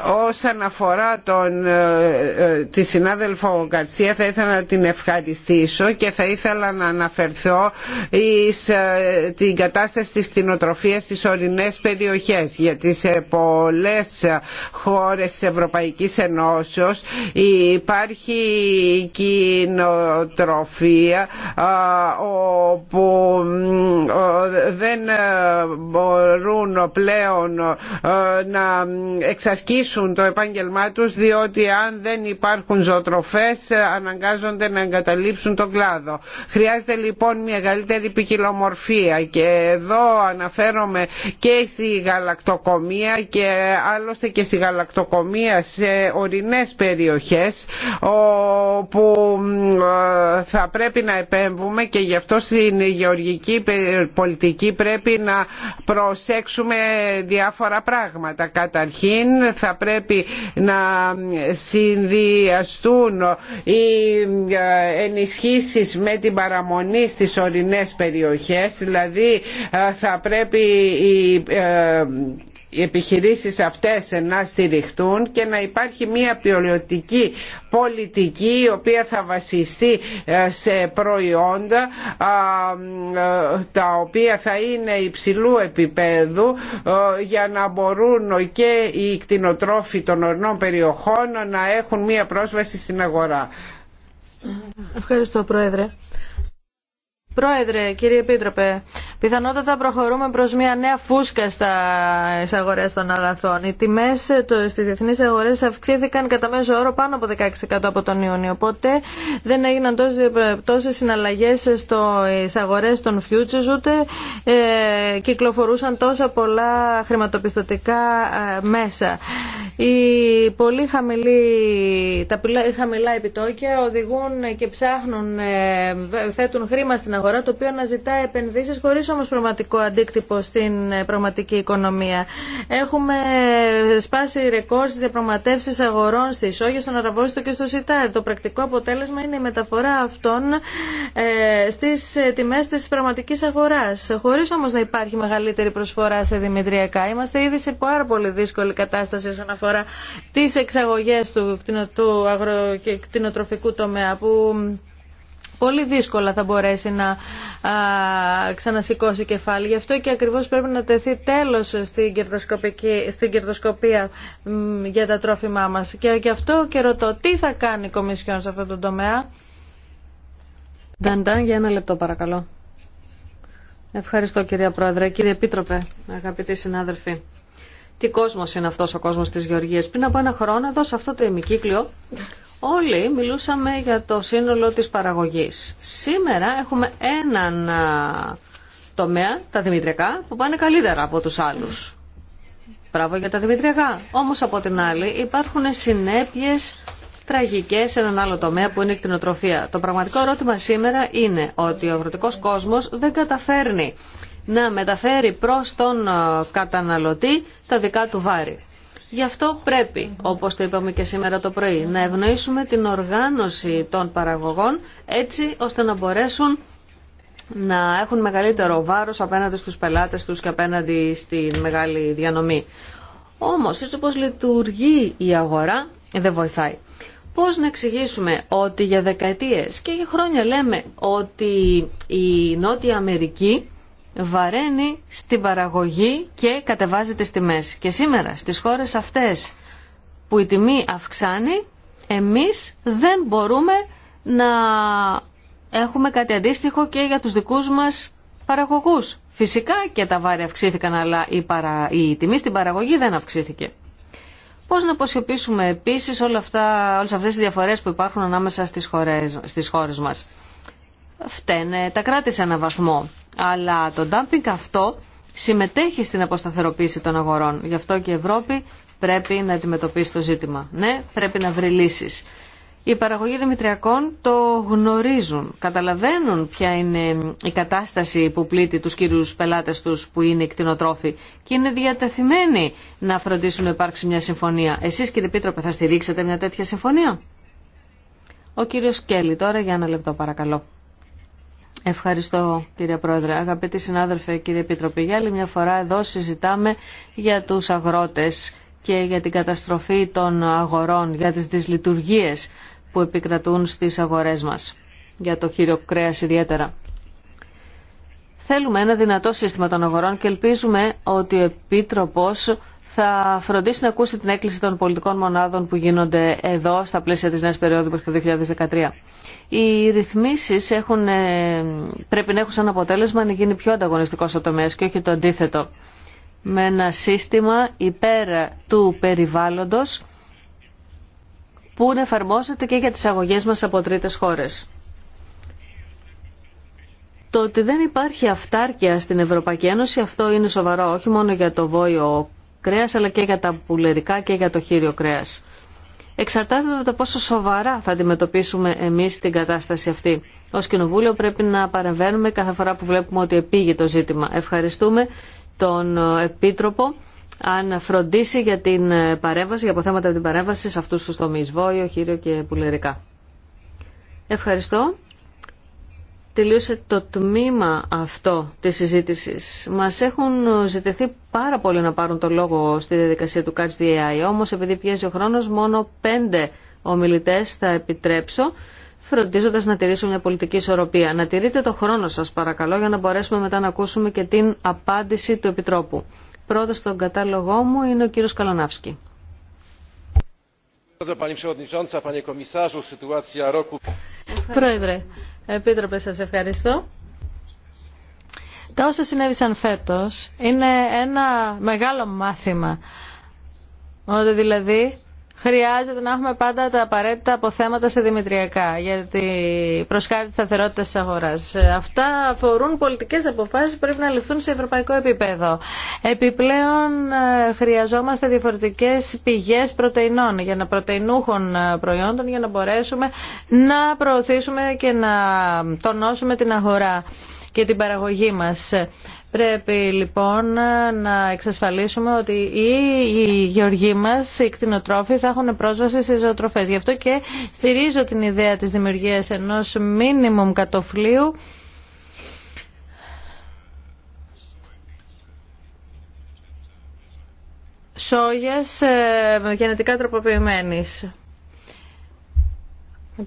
όσον αφορά τον, ε, ε, τη συνάδελφο Γκαρσία θα ήθελα να την ευχαριστήσω και θα ήθελα να αναφερθώ εις ε, την κατάσταση της κτηνοτροφίας στις ορεινές περιοχές γιατί σε πολλές χώρες της Ευρωπαϊκής Ενώσεως υπάρχει κοινοτροφία όπου δεν μπορούν πλέον να εξασκήσουν συνεχίσουν το επάγγελμά τους διότι αν δεν υπάρχουν ζωοτροφές ε, αναγκάζονται να εγκαταλείψουν τον κλάδο. Χρειάζεται λοιπόν μια μεγαλύτερη ποικιλομορφία και εδώ αναφέρομαι και στη γαλακτοκομία και άλλωστε και στη γαλακτοκομία σε ορεινές περιοχές όπου ε, θα πρέπει να επέμβουμε και γι' αυτό στην γεωργική πολιτική πρέπει να προσέξουμε διάφορα πράγματα. Καταρχήν θα πρέπει να συνδυαστούν οι ε, ενισχύσεις με την παραμονή στις ορεινές περιοχές, δηλαδή ε, θα πρέπει οι επιχειρήσεις αυτές να στηριχτούν και να υπάρχει μια ποιοτική πολιτική η οποία θα βασιστεί ε, σε προϊόντα ε, τα οποία θα είναι υψηλού επίπεδου ε, για να μπορούν και οι κτηνοτρόφοι των ορεινών περιοχών να έχουν μια πρόσβαση στην αγορά. Ευχαριστώ Πρόεδρε. Πρόεδρε, κύριε Επίτροπε, πιθανότατα προχωρούμε προ μια νέα φούσκα στα αγορέ των αγαθών. Οι τιμέ στι διεθνεί αγορέ αυξήθηκαν κατά μέσο όρο πάνω από 16% από τον Ιούνιο. Οπότε δεν έγιναν τόσε συναλλαγέ στι αγορέ των futures, ούτε ε, κυκλοφορούσαν τόσα πολλά χρηματοπιστωτικά ε, μέσα. Οι πολύ τα χαμηλά επιτόκια οδηγούν και ψάχνουν, ε, θέτουν χρήμα στην αγορά αγορά, το οποίο αναζητά επενδύσεις χωρίς όμως πραγματικό αντίκτυπο στην ε, πραγματική οικονομία. Έχουμε ε, σπάσει ρεκόρ στις διαπραγματεύσεις αγορών στη Σόγια, στον Αραβόστο και στο Σιτάρ. Το πρακτικό αποτέλεσμα είναι η μεταφορά αυτών ε, στις τιμές της πραγματικής αγοράς, χωρίς όμως να υπάρχει μεγαλύτερη προσφορά σε δημητριακά. Είμαστε ήδη σε πάρα πολύ δύσκολη κατάσταση όσον αφορά τις εξαγωγές του, του αγροκοινοτροφικού τομέα που πολύ δύσκολα θα μπορέσει να ξανασηκώσει κεφάλι. Γι' αυτό και ακριβώς πρέπει να τεθεί τέλος στην, στην κερδοσκοπία για τα τρόφιμά μας. Και γι' αυτό και ρωτώ τι θα κάνει η Κομισιόν σε αυτό το τομέα. Νταντάν, για ένα λεπτό παρακαλώ. Ευχαριστώ κυρία Πρόεδρε. Κύριε Επίτροπε, αγαπητοί συνάδελφοι. Τι κόσμο είναι αυτό ο κόσμο τη Γεωργίας. Πριν από ένα χρόνο, εδώ σε αυτό το ημικύκλιο, Όλοι μιλούσαμε για το σύνολο της παραγωγής. Σήμερα έχουμε έναν τομέα, τα δημητριακά, που πάνε καλύτερα από τους άλλους. Μπράβο για τα δημητριακά. Όμως από την άλλη υπάρχουν συνέπειες τραγικές σε έναν άλλο τομέα που είναι η κτηνοτροφία. Το πραγματικό ερώτημα σήμερα είναι ότι ο αγροτικός κόσμος δεν καταφέρνει να μεταφέρει προς τον καταναλωτή τα δικά του βάρη. Γι' αυτό πρέπει, όπως το είπαμε και σήμερα το πρωί, να ευνοήσουμε την οργάνωση των παραγωγών έτσι ώστε να μπορέσουν να έχουν μεγαλύτερο βάρος απέναντι στους πελάτες τους και απέναντι στη μεγάλη διανομή. Όμως, έτσι όπως λειτουργεί η αγορά, δεν βοηθάει. Πώς να εξηγήσουμε ότι για δεκαετίες και για χρόνια λέμε ότι η Νότια Αμερική βαραίνει στην παραγωγή και κατεβάζει τις τιμές. Και σήμερα στις χώρες αυτές που η τιμή αυξάνει, εμείς δεν μπορούμε να έχουμε κάτι αντίστοιχο και για τους δικούς μας παραγωγούς. Φυσικά και τα βάρη αυξήθηκαν, αλλά η, παρα... η τιμή στην παραγωγή δεν αυξήθηκε. Πώς να αποσιοποιήσουμε επίσης όλα αυτά, όλες αυτές τις διαφορές που υπάρχουν ανάμεσα στις χώρες, στις χώρες μας. Φταίνε τα κράτη σε βαθμό. Αλλά το dumping αυτό συμμετέχει στην αποσταθεροποίηση των αγορών. Γι' αυτό και η Ευρώπη πρέπει να αντιμετωπίσει το ζήτημα. Ναι, πρέπει να βρει λύσει. Οι παραγωγοί δημητριακών το γνωρίζουν, καταλαβαίνουν ποια είναι η κατάσταση που πλήττει τους κύριους πελάτες τους που είναι οι κτηνοτρόφοι και είναι διατεθειμένοι να φροντίσουν να υπάρξει μια συμφωνία. Εσείς κύριε Πίτροπε θα στηρίξετε μια τέτοια συμφωνία. Ο κύριος Κέλλη τώρα για ένα λεπτό παρακαλώ. Ευχαριστώ κύριε Πρόεδρε. Αγαπητοί συνάδελφοι, κύριε Επιτροπή, για άλλη μια φορά εδώ συζητάμε για τους αγρότες και για την καταστροφή των αγορών, για τις δυσλειτουργίες που επικρατούν στις αγορές μας, για το χείριο κρέας ιδιαίτερα. Θέλουμε ένα δυνατό σύστημα των αγορών και ελπίζουμε ότι ο Επίτροπος θα φροντίσει να ακούσει την έκκληση των πολιτικών μονάδων που γίνονται εδώ στα πλαίσια της νέας περίοδου μέχρι το 2013. Οι ρυθμίσεις έχουν, ε, πρέπει να έχουν σαν αποτέλεσμα να γίνει πιο ανταγωνιστικό ο τομέας και όχι το αντίθετο. Με ένα σύστημα υπέρ του περιβάλλοντος που εφαρμόζεται και για τις αγωγές μας από τρίτες χώρες. Το ότι δεν υπάρχει αυτάρκεια στην Ευρωπαϊκή Ένωση, αυτό είναι σοβαρό όχι μόνο για το Βόλιο κρέας αλλά και για τα πουλερικά και για το χείριο κρέας. Εξαρτάται από το πόσο σοβαρά θα αντιμετωπίσουμε εμείς την κατάσταση αυτή. Ω Κοινοβούλιο πρέπει να παρεμβαίνουμε κάθε φορά που βλέπουμε ότι επήγει το ζήτημα. Ευχαριστούμε τον Επίτροπο αν φροντίσει για την παρέμβαση, για αποθέματα την παρέμβαση σε αυτούς τους τομείς, βόηο, χείριο και πουλερικά. Ευχαριστώ τελείωσε το τμήμα αυτό της συζήτησης. Μας έχουν ζητηθεί πάρα πολύ να πάρουν το λόγο στη διαδικασία του Catch the όμως επειδή πιέζει ο χρόνος μόνο πέντε ομιλητές θα επιτρέψω, φροντίζοντας να τηρήσω μια πολιτική ισορροπία. Να τηρείτε το χρόνο σας παρακαλώ για να μπορέσουμε μετά να ακούσουμε και την απάντηση του Επιτρόπου. Πρώτος στον κατάλογό μου είναι ο κύριος Καλανάφσκι. Πρόεδρε, Επίτροπε, σας ευχαριστώ. Τα όσα συνέβησαν φέτος είναι ένα μεγάλο μάθημα. Ότι δηλαδή χρειάζεται να έχουμε πάντα τα απαραίτητα αποθέματα σε δημητριακά για τη προσκάρτη τη σταθερότητα τη αγορά. Αυτά αφορούν πολιτικέ αποφάσει που πρέπει να ληφθούν σε ευρωπαϊκό επίπεδο. Επιπλέον, ε, χρειαζόμαστε διαφορετικέ πηγέ πρωτεϊνών για να πρωτεϊνούχων ε, προϊόντων για να μπορέσουμε να προωθήσουμε και να τονώσουμε την αγορά και την παραγωγή μας. Πρέπει λοιπόν να εξασφαλίσουμε ότι οι γεωργοί μας, οι κτηνοτρόφοι, θα έχουν πρόσβαση σε ζωοτροφές. Γι' αυτό και στηρίζω την ιδέα της δημιουργίας ενός μίνιμουμ κατοφλίου σόγιας ε, γενετικά τροποποιημένη. Ο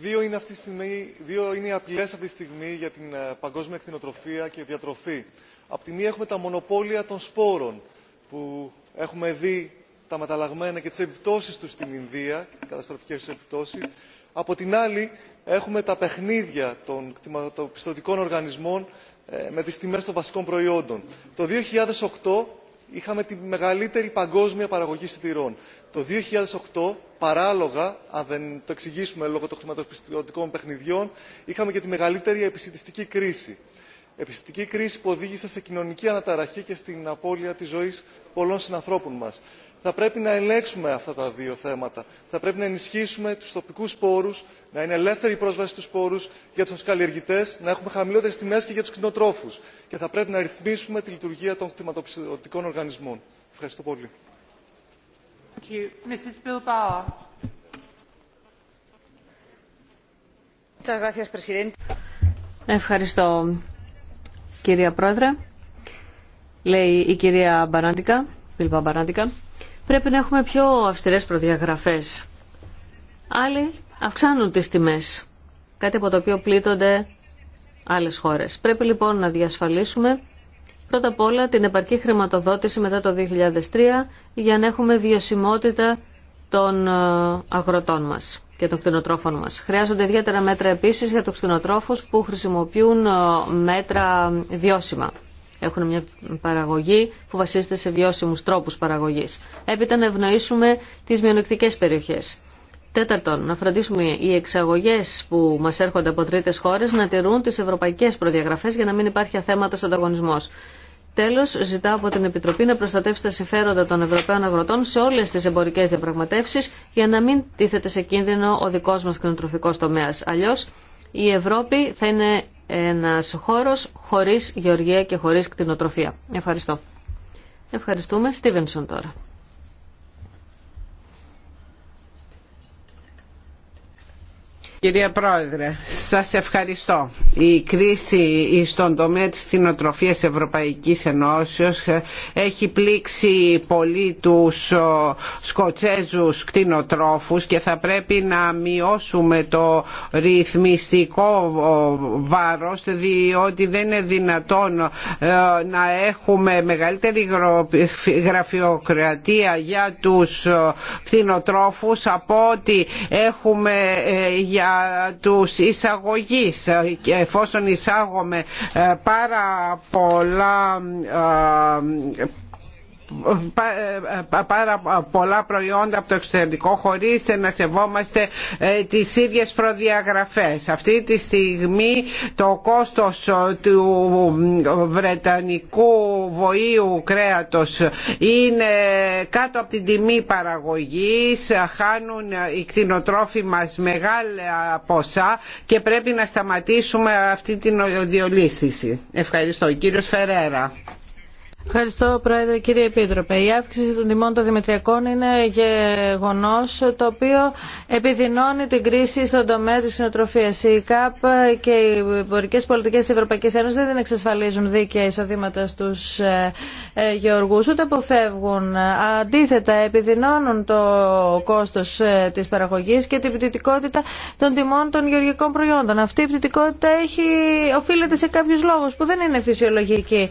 Δύο είναι, δύο είναι οι απειλές αυτή τη στιγμή για την ε, παγκόσμια κτηνοτροφία και διατροφή. Από τη μία έχουμε τα μονοπόλια των σπόρων που έχουμε δει τα μεταλλαγμένα και τις επιπτώσεις του στην Ινδία, τις καταστροφικές επιπτώσεις. Από την άλλη έχουμε τα παιχνίδια των κτηματοπιστωτικών οργανισμών ε, με τις τιμές των βασικών προϊόντων. Το 2008 είχαμε τη μεγαλύτερη παγκόσμια παραγωγή σιτηρών. Το 2008, παράλογα, αν δεν το εξηγήσουμε λόγω των χρηματοπιστωτικών παιχνιδιών, είχαμε και τη μεγαλύτερη επιστημιστική κρίση. Επιστητική κρίση που οδήγησε σε κοινωνική αναταραχή και στην απώλεια της ζωής πολλών συνανθρώπων μας. Θα πρέπει να ελέγξουμε αυτά τα δύο θέματα. Θα πρέπει να ενισχύσουμε τους τοπικούς πόρους να είναι ελεύθερη η πρόσβαση στους πόρους για τους καλλιεργητές, να έχουμε χαμηλότερες τιμές και για τους κτηνοτρόφους. Και θα πρέπει να ρυθμίσουμε τη λειτουργία των κτηματοπιστωτικών οργανισμών. Ευχαριστώ πολύ. Ευχαριστώ κυρία Πρόεδρε. Λέει η κυρία Μπαράντικα, Πρέπει να έχουμε πιο αυστηρές προδιαγραφές. Άλλοι αυξάνουν τις τιμές, κάτι από το οποίο πλήττονται άλλες χώρες. Πρέπει λοιπόν να διασφαλίσουμε πρώτα απ' όλα την επαρκή χρηματοδότηση μετά το 2003 για να έχουμε βιωσιμότητα των ε, αγροτών μας και των κτηνοτρόφων μας. Χρειάζονται ιδιαίτερα μέτρα επίσης για τους κτηνοτρόφους που χρησιμοποιούν ε, μέτρα βιώσιμα. Έχουν μια παραγωγή που βασίζεται σε βιώσιμους τρόπους παραγωγής. Έπειτα να ευνοήσουμε τις μειονεκτικές περιοχές. Τέταρτον, να φροντίσουμε οι εξαγωγέ που μα έρχονται από τρίτε χώρε να τηρούν τι ευρωπαϊκέ προδιαγραφέ για να μην υπάρχει αθέματο ανταγωνισμό. Τέλο, ζητάω από την Επιτροπή να προστατεύσει τα συμφέροντα των Ευρωπαίων αγροτών σε όλε τι εμπορικέ διαπραγματεύσει για να μην τίθεται σε κίνδυνο ο δικό μα κτηνοτροφικό τομέα. Αλλιώ, η Ευρώπη θα είναι ένα χώρο χωρί γεωργία και χωρί κτηνοτροφία. Ευχαριστώ. Ευχαριστούμε. Στίβενσον τώρα. Κυρία Πρόεδρε, σας ευχαριστώ. Η κρίση στον τομέα της κτηνοτροφίας Ευρωπαϊκής Ενώσεως έχει πλήξει πολύ τους ε, σκοτσέζους κτηνοτρόφους και θα πρέπει να μειώσουμε το ρυθμιστικό ε, βάρος διότι δεν είναι δυνατόν ε, να έχουμε μεγαλύτερη γραφειοκρατία για τους κτηνοτρόφους από ότι έχουμε για τους εισαγωγείς και εφόσον εισάγουμε ε, πάρα πολλά ε, ε, ε, πάρα πολλά προϊόντα από το εξωτερικό χωρίς να σεβόμαστε ε, τις ίδιες προδιαγραφές. Αυτή τη στιγμή το κόστος του βρετανικού βοήου κρέατος είναι κάτω από την τιμή παραγωγής, χάνουν οι κτηνοτρόφοι μας μεγάλα ποσά και πρέπει να σταματήσουμε αυτή την διολύστηση. Ευχαριστώ. Κύριος Φερέρα. Ευχαριστώ, Πρόεδρε, κύριε Επίτροπε. Η αύξηση των τιμών των Δημητριακών είναι γεγονό το οποίο επιδεινώνει την κρίση στον τομέα τη συνοτροφία. Η ΚΑΠ και οι εμπορικέ πολιτικέ τη Ευρωπαϊκή Ένωση δεν εξασφαλίζουν δίκαια εισοδήματα στου ε, ε, γεωργού, ούτε αποφεύγουν. Αντίθετα, επιδεινώνουν το κόστο ε, τη παραγωγή και την πτυτικότητα των τιμών των γεωργικών προϊόντων. Αυτή η πτυτικότητα έχει, οφείλεται σε κάποιου λόγου που δεν είναι φυσιολογικοί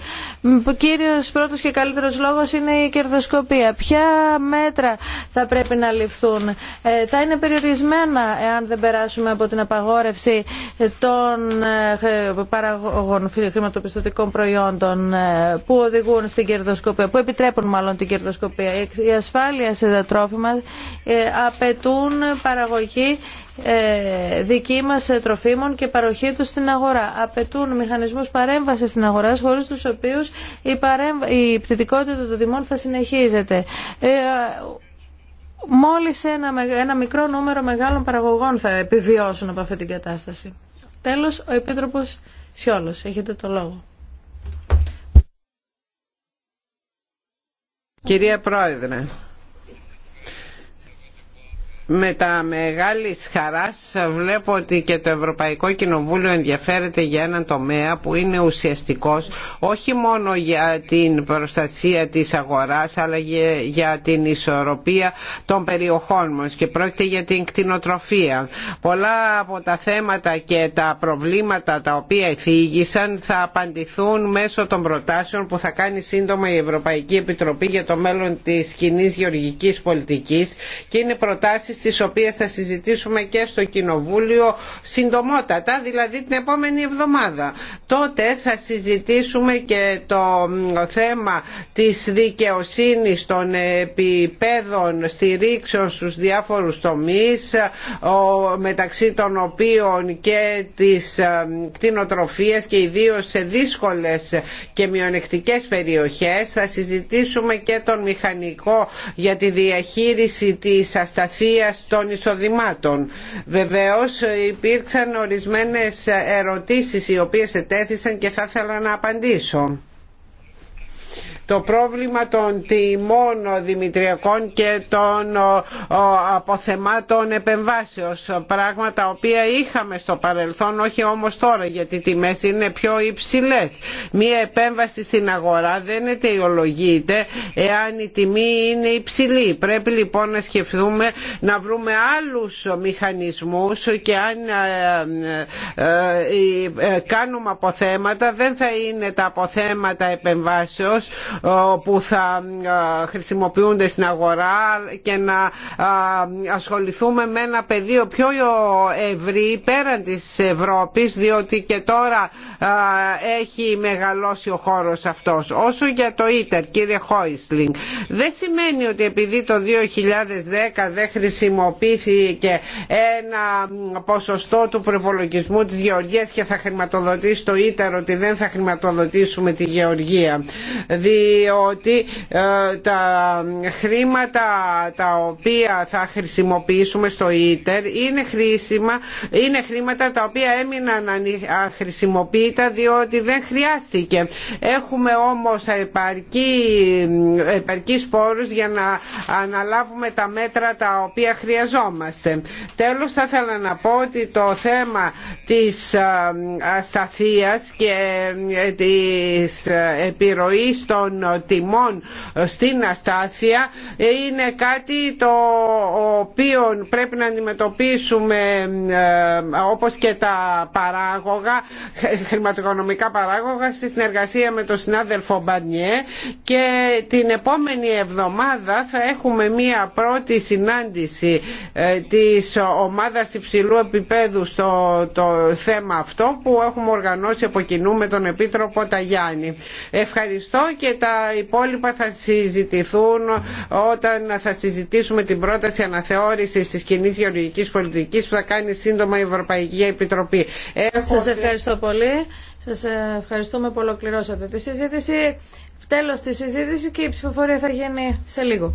ο πρώτος και καλύτερος λόγος είναι η κερδοσκοπία. Ποια μέτρα θα πρέπει να ληφθούν. Ε, θα είναι περιορισμένα εάν δεν περάσουμε από την απαγόρευση των ε, παραγωγών χρηματοπιστωτικών προϊόντων ε, που οδηγούν στην κερδοσκοπία, που επιτρέπουν μάλλον την κερδοσκοπία. Η ασφάλεια σε τα τρόφιμα απαιτούν παραγωγή ε, δική μας ε, τροφίμων και παροχή τους στην αγορά. Απαιτούν μηχανισμούς παρέμβασης στην αγορά, χωρίς τους οποίους η, παρέμβα... η πτυτικότητα των τιμών θα συνεχίζεται. Ε, μόλις ένα, ένα μικρό νούμερο μεγάλων παραγωγών θα επιβιώσουν από αυτή την κατάσταση. Τέλος, ο Επίτροπος Σιόλος. Έχετε το λόγο. Κυρία Πρόεδρε, με τα μεγάλη χαρά βλέπω ότι και το Ευρωπαϊκό Κοινοβούλιο ενδιαφέρεται για έναν τομέα που είναι ουσιαστικός όχι μόνο για την προστασία της αγοράς αλλά για την ισορροπία των περιοχών μας και πρόκειται για την κτηνοτροφία. Πολλά από τα θέματα και τα προβλήματα τα οποία εφήγησαν θα απαντηθούν μέσω των προτάσεων που θα κάνει σύντομα η Ευρωπαϊκή Επιτροπή για το μέλλον της κοινή γεωργικής πολιτικής και είναι προτάσεις τις οποίες θα συζητήσουμε και στο Κοινοβούλιο συντομότατα, δηλαδή την επόμενη εβδομάδα. Τότε θα συζητήσουμε και το θέμα της δικαιοσύνης των επιπέδων στηρίξεων στους διάφορους τομείς, μεταξύ των οποίων και της ε, κτηνοτροφίας και ιδίως σε δύσκολες και μειονεκτικές περιοχές. Θα συζητήσουμε και τον μηχανικό για τη διαχείριση της ασταθίας των εισοδημάτων. Βεβαίως υπήρξαν ορισμένες ερωτήσεις οι οποίες ετέθησαν και θα ήθελα να απαντήσω. Το πρόβλημα των τιμών δημητριακών και των αποθεμάτων επεμβάσεως, πράγματα οποία είχαμε στο παρελθόν, όχι όμως τώρα γιατί οι τιμές είναι πιο υψηλές. Μία επέμβαση στην αγορά δεν αιτιολογείται εάν η τιμή είναι υψηλή. Πρέπει λοιπόν να σκεφτούμε να βρούμε άλλους μηχανισμούς και αν ε, ε, ε, κάνουμε αποθέματα δεν θα είναι τα αποθέματα επεμβάσεως ε, που θα ε, χρησιμοποιούνται στην αγορά και να ε, ασχοληθούμε με ένα πεδίο πιο ευρύ πέραν της Ευρώπης διότι και τώρα έχει μεγαλώσει ο χώρος αυτός. Όσο για το ίτερ κύριε Χόισλινγκ δεν σημαίνει ότι επειδή το 2010 δεν χρησιμοποιήθηκε ένα ποσοστό του προπολογισμού της Γεωργίας και θα χρηματοδοτήσει το ίτερ ότι δεν θα χρηματοδοτήσουμε τη Γεωργία διότι ε, τα χρήματα τα οποία θα χρησιμοποιήσουμε στο ίτερ είναι, χρήσιμα, είναι χρήματα τα οποία έμειναν αχρησιμοποιητά διότι δεν χρειάστηκε. Έχουμε όμως επαρκή, επαρκή πόρους για να αναλάβουμε τα μέτρα τα οποία χρειαζόμαστε. Τέλος θα ήθελα να πω ότι το θέμα της ε, ασταθίας και ε, της επιρροής των των ε, τιμών ε, στην αστάθεια ε, είναι κάτι το οποίο πρέπει να αντιμετωπίσουμε όπως και τα παράγωγα, χρηματοοικονομικά παράγωγα στη συνεργασία με τον συνάδελφο Μπανιέ και την επόμενη εβδομάδα θα έχουμε μία πρώτη συνάντηση της ομάδας υψηλού επίπεδου στο το θέμα αυτό που έχουμε οργανώσει από κοινού με τον Επίτροπο Ταγιάννη. Ευχαριστώ και τα υπόλοιπα θα συζητηθούν όταν θα συζητήσουμε την πρόταση αναθεώρησης της κοινή γεωργικής πολιτικής που θα κάνει σύντομα η Ευρωπαϊκή Επιτροπή. Έχω... Σας ευχαριστώ πολύ. Σας ευχαριστούμε που ολοκληρώσατε τη συζήτηση. Τέλος τη συζήτηση και η ψηφοφορία θα γίνει σε λίγο.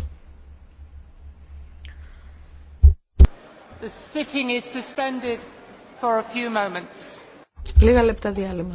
Λίγα λεπτά διάλειμμα.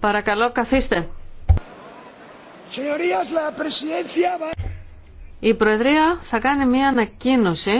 Παρακαλώ, καθίστε. Η Προεδρία θα κάνει μία ανακοίνωση